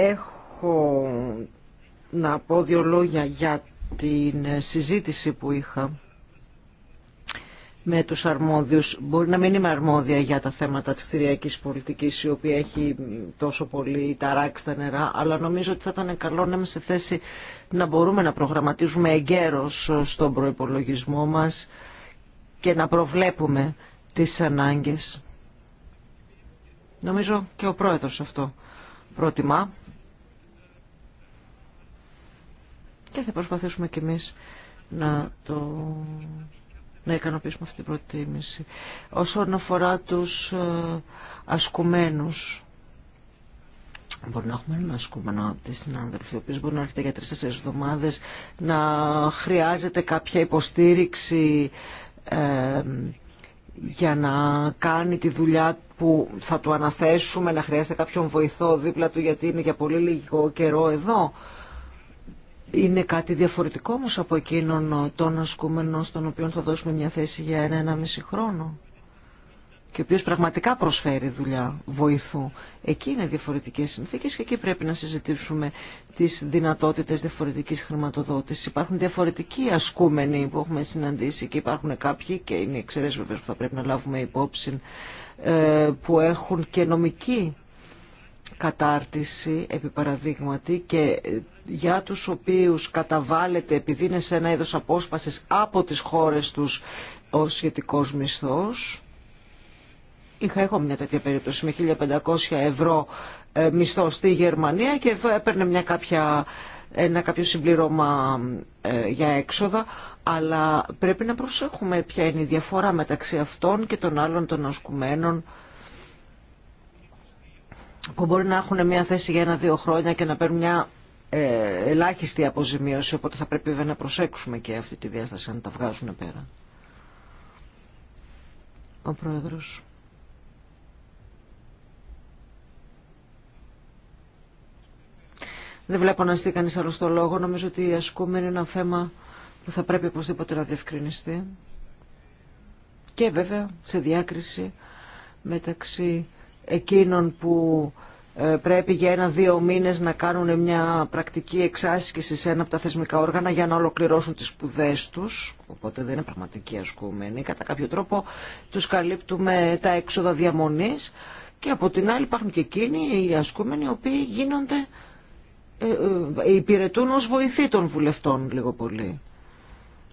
Έχω να πω δύο λόγια για την συζήτηση που είχα με τους αρμόδιους. Μπορεί να μην είμαι αρμόδια για τα θέματα της κτηριακής πολιτικής, η οποία έχει τόσο πολύ ταράξει τα νερά, αλλά νομίζω ότι θα ήταν καλό να σε θέση να μπορούμε να προγραμματίζουμε εγκαίρως στον προϋπολογισμό μας και να προβλέπουμε τις ανάγκες. Νομίζω και ο πρόεδρος αυτό προτιμά και θα προσπαθήσουμε κι εμείς να το να ικανοποιήσουμε αυτή την προτίμηση. Όσον αφορά τους ε, ασκουμένους, Μπορεί να έχουμε έναν ασκούμενο από τη συνάδελφη, ο οποίο μπορεί να έρχεται για τρει-τέσσερι εβδομάδες, να χρειάζεται κάποια υποστήριξη ε, για να κάνει τη δουλειά που θα του αναθέσουμε, να χρειάζεται κάποιον βοηθό δίπλα του γιατί είναι για πολύ λίγο καιρό εδώ είναι κάτι διαφορετικό όμως από εκείνον τον ασκούμενο στον οποίο θα δώσουμε μια θέση για ένα, ένα μισή χρόνο και ο οποίος πραγματικά προσφέρει δουλειά βοηθού. Εκεί είναι διαφορετικές συνθήκες και εκεί πρέπει να συζητήσουμε τις δυνατότητες διαφορετικής χρηματοδότησης. Υπάρχουν διαφορετικοί ασκούμενοι που έχουμε συναντήσει και υπάρχουν κάποιοι και είναι εξαιρέσεις βεβαίως που θα πρέπει να λάβουμε υπόψη ε, που έχουν και νομική κατάρτιση επί παραδείγματι και ε, για τους οποίους καταβάλλεται επειδή είναι σε ένα είδος απόσπασης από τις χώρες τους ο σχετικός μισθός. Είχα εγώ μια τέτοια περίπτωση με 1500 ευρώ ε, μισθό στη Γερμανία και εδώ έπαιρνε μια κάποια, ένα κάποιο συμπληρώμα ε, για έξοδα αλλά πρέπει να προσέχουμε ποια είναι η διαφορά μεταξύ αυτών και των άλλων των ασκουμένων που μπορεί να έχουν μια θέση για ένα-δύο χρόνια και να παίρνουν μια ε, ελάχιστη αποζημίωση, οπότε θα πρέπει βέβαια να προσέξουμε και αυτή τη διάσταση αν τα βγάζουν πέρα. Ο Πρόεδρος. Δεν βλέπω να στεί κανείς άλλο το λόγο. Νομίζω ότι η ασκούμενη είναι ένα θέμα που θα πρέπει οπωσδήποτε να διευκρινιστεί. Και βέβαια σε διάκριση μεταξύ εκείνων που ε, πρέπει για ένα-δύο μήνες να κάνουν μια πρακτική εξάσκηση σε ένα από τα θεσμικά όργανα για να ολοκληρώσουν τις σπουδέ τους, οπότε δεν είναι πραγματικοί ασκουμένοι. Κατά κάποιο τρόπο τους καλύπτουμε τα έξοδα διαμονής και από την άλλη υπάρχουν και εκείνοι οι ασκούμενοι οι οποίοι γίνονται, ε, ε, ε υπηρετούν ως βοηθοί των βουλευτών λίγο πολύ.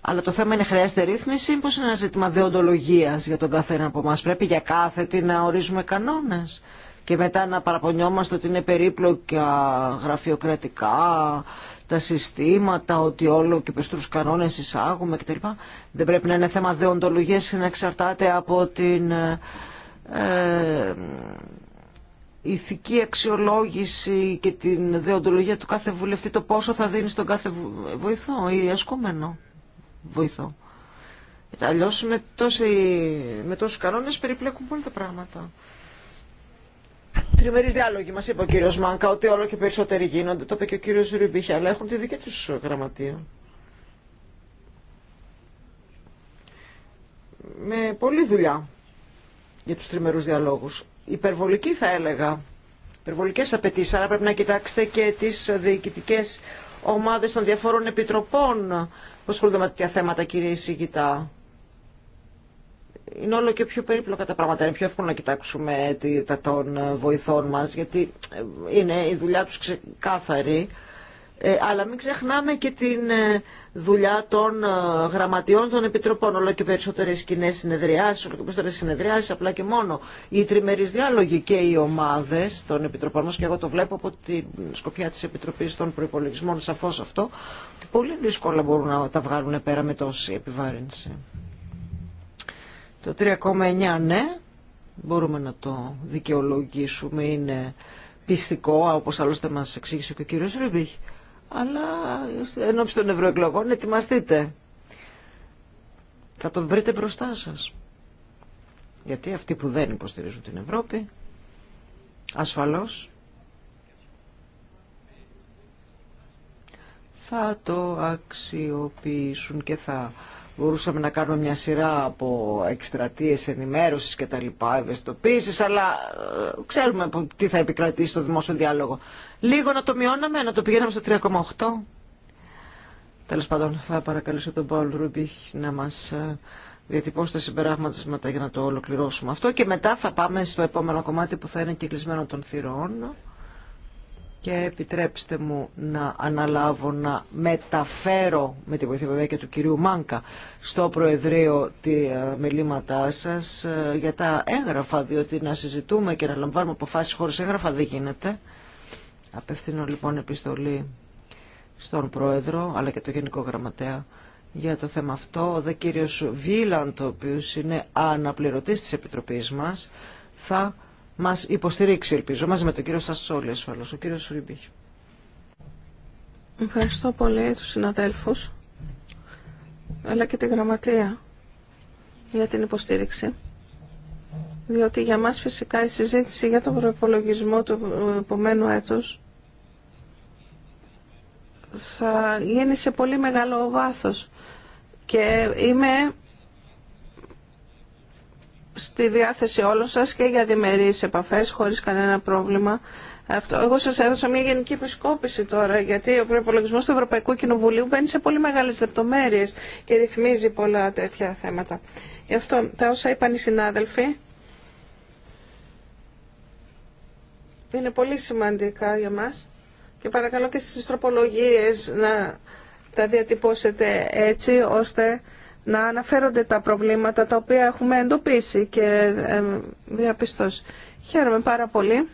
Αλλά το θέμα είναι χρειάζεται ρύθμιση ή πως είναι ένα ζήτημα δεοντολογίας για τον καθένα από εμά. Πρέπει για κάθε τι να ορίζουμε κανόνες και μετά να παραπονιόμαστε ότι είναι περίπλοκα γραφειοκρατικά τα συστήματα, ότι όλο και πεστρούς κανόνες εισάγουμε κτλ. Δεν πρέπει να είναι θέμα δεοντολογίας και να εξαρτάται από την ε, ε, ηθική αξιολόγηση και την δεοντολογία του κάθε βουλευτή το πόσο θα δίνει στον κάθε βοηθό ή ασκούμενο βοήθω. Αλλιώ με, τόσοι, με τόσους κανόνες περιπλέκουν πολύ τα πράγματα. Τριμερεί διάλογοι μα είπε ο κύριο Μάνκα ότι όλο και περισσότεροι γίνονται. Το είπε και ο κύριο Ρουμπίχη, αλλά έχουν τη δική του γραμματεία. Με πολλή δουλειά για του τριμερούς διαλόγους. Υπερβολική θα έλεγα. υπερβολικέ απαιτήσει, άρα πρέπει να κοιτάξετε και τι διοικητικέ ομάδες των διαφορών επιτροπών που ασχολούνται με τέτοια θέματα, κύριε Ισηγητά. Είναι όλο και πιο περίπλοκα τα πράγματα. Είναι πιο εύκολο να κοιτάξουμε τα των βοηθών μας, γιατί ε, είναι η δουλειά τους ξεκάθαρη. Ε, αλλά μην ξεχνάμε και την ε, δουλειά των ε, γραμματιών των επιτροπών. Όλο και περισσότερε κοινέ συνεδριάσει, όλο και περισσότερε συνεδριάσει, απλά και μόνο. Οι τριμερεί διάλογοι και οι ομάδε των επιτροπών μα, και εγώ το βλέπω από τη σκοπιά τη Επιτροπή των Προπολογισμών, σαφώ αυτό, ότι πολύ δύσκολα μπορούν να τα βγάλουν πέρα με τόση επιβάρυνση. Το 3,9 ναι, μπορούμε να το δικαιολογήσουμε, είναι πιστικό, όπως άλλωστε μας εξήγησε και ο κύριο Ρουμπίχ αλλά ενώπιση των ευρωεκλογών ετοιμαστείτε. Θα το βρείτε μπροστά σας. Γιατί αυτοί που δεν υποστηρίζουν την Ευρώπη, ασφαλώς, θα το αξιοποιήσουν και θα Μπορούσαμε να κάνουμε μια σειρά από εκστρατείες ενημέρωσης και τα λοιπά, ευαισθητοποίησης, αλλά ε, ξέρουμε τι θα επικρατήσει στο δημόσιο διάλογο. Λίγο να το μειώναμε, να το πηγαίναμε στο 3,8. Τέλος πάντων, θα παρακαλέσω τον Παουλ Ρούμπιχ να μας ε, διατυπώσει τα συμπεράγματα για να το ολοκληρώσουμε αυτό και μετά θα πάμε στο επόμενο κομμάτι που θα είναι κυκλισμένο των θυρών και επιτρέψτε μου να αναλάβω να μεταφέρω με τη βοήθεια βέβαια και του κυρίου Μάνκα στο Προεδρείο τη ε, μιλήματά σας ε, για τα έγγραφα διότι να συζητούμε και να λαμβάνουμε αποφάσεις χωρίς έγγραφα δεν γίνεται. Απευθύνω λοιπόν επιστολή στον Πρόεδρο αλλά και το Γενικό Γραμματέα για το θέμα αυτό. Ο δε κύριος Βίλαντ, ο οποίος είναι αναπληρωτής της Επιτροπής μας, θα μας υποστηρίξει, ελπίζω, μαζί με τον κύριο Σασόλη ασφαλώ, ο κύριος Σουριμπή. Ευχαριστώ πολύ τους συναδέλφους, αλλά και τη γραμματεία για την υποστήριξη. Διότι για μας φυσικά η συζήτηση για τον προπολογισμό του επομένου έτους θα γίνει σε πολύ μεγάλο βάθος και είμαι στη διάθεση όλων σας και για διμερείς επαφές χωρίς κανένα πρόβλημα. Αυτό. Εγώ σας έδωσα μια γενική επισκόπηση τώρα, γιατί ο προπολογισμό του Ευρωπαϊκού Κοινοβουλίου μπαίνει σε πολύ μεγάλες λεπτομέρειες και ρυθμίζει πολλά τέτοια θέματα. Γι' αυτό τα όσα είπαν οι συνάδελφοι είναι πολύ σημαντικά για μας και παρακαλώ και στις τροπολογίες να τα διατυπώσετε έτσι ώστε να αναφέρονται τα προβλήματα τα οποία έχουμε εντοπίσει και ε, διαπιστώσει. Χαίρομαι πάρα πολύ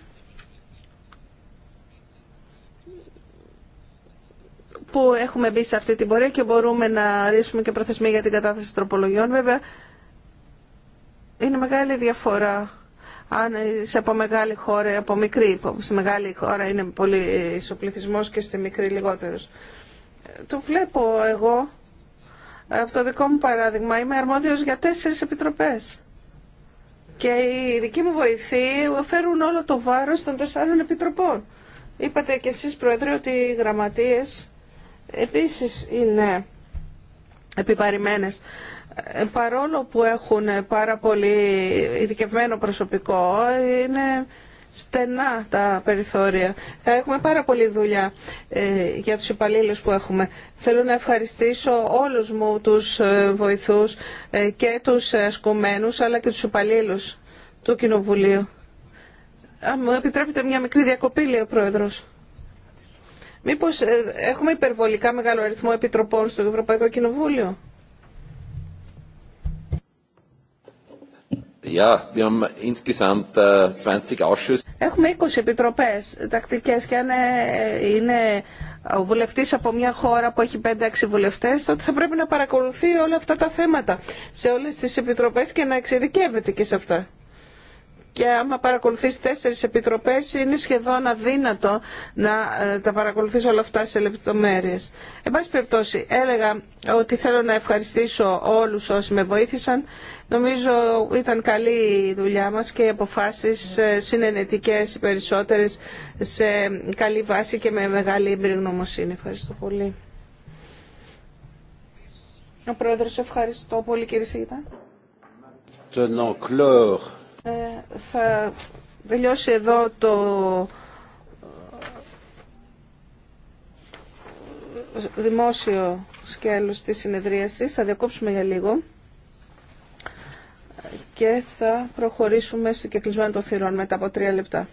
που έχουμε μπει σε αυτή την πορεία και μπορούμε να ρίσουμε και προθεσμοί για την κατάθεση τροπολογιών. Βέβαια, είναι μεγάλη διαφορά αν είσαι από μεγάλη χώρα ή από μικρή. Στη μεγάλη χώρα είναι πολύ ισοπληθισμός και στη μικρή λιγότερος. Το βλέπω εγώ από το δικό μου παράδειγμα, είμαι αρμόδιος για τέσσερις επιτροπές. Και οι δικοί μου βοηθοί φέρουν όλο το βάρος των τεσσάρων επιτροπών. Είπατε και εσείς, Πρόεδρε, ότι οι γραμματείες επίσης είναι επιβαρημένες. Ε, παρόλο που έχουν πάρα πολύ ειδικευμένο προσωπικό, είναι στενά τα περιθώρια. Έχουμε πάρα πολλή δουλειά ε, για τους υπαλλήλους που έχουμε. Θέλω να ευχαριστήσω όλους μου τους ε, βοηθούς ε, και τους ασκουμένους αλλά και τους υπαλλήλους του Κοινοβουλίου. Αν μου επιτρέπετε μια μικρή διακοπή, λέει ο Πρόεδρος. Μήπως έχουμε υπερβολικά μεγάλο αριθμό επιτροπών στο Ευρωπαϊκό Κοινοβούλιο. Äh, Έχουμε 20 επιτροπές τακτικές και αν ε, είναι ο βουλευτής από μια χώρα που έχει 5-6 βουλευτές, τότε θα πρέπει να παρακολουθεί όλα αυτά τα θέματα σε όλες τις επιτροπές και να εξειδικεύεται και σε αυτά και άμα παρακολουθείς τέσσερις επιτροπές είναι σχεδόν αδύνατο να ε, τα παρακολουθείς όλα αυτά σε λεπτομέρειες. Εν πάση περιπτώσει, έλεγα ότι θέλω να ευχαριστήσω όλους όσοι με βοήθησαν. Νομίζω ήταν καλή η δουλειά μας και οι αποφάσεις ε, συνενετικές οι περισσότερες σε καλή βάση και με μεγάλη εμπειρογνωμοσύνη. Ευχαριστώ πολύ. Ο Πρόεδρος, ευχαριστώ πολύ κύριε Σίγητα. Ε, θα τελειώσει εδώ το ε, δημόσιο σκέλος της συνεδρίασης. Θα διακόψουμε για λίγο και θα προχωρήσουμε σε κεκλεισμένο των θυρών μετά από τρία λεπτά.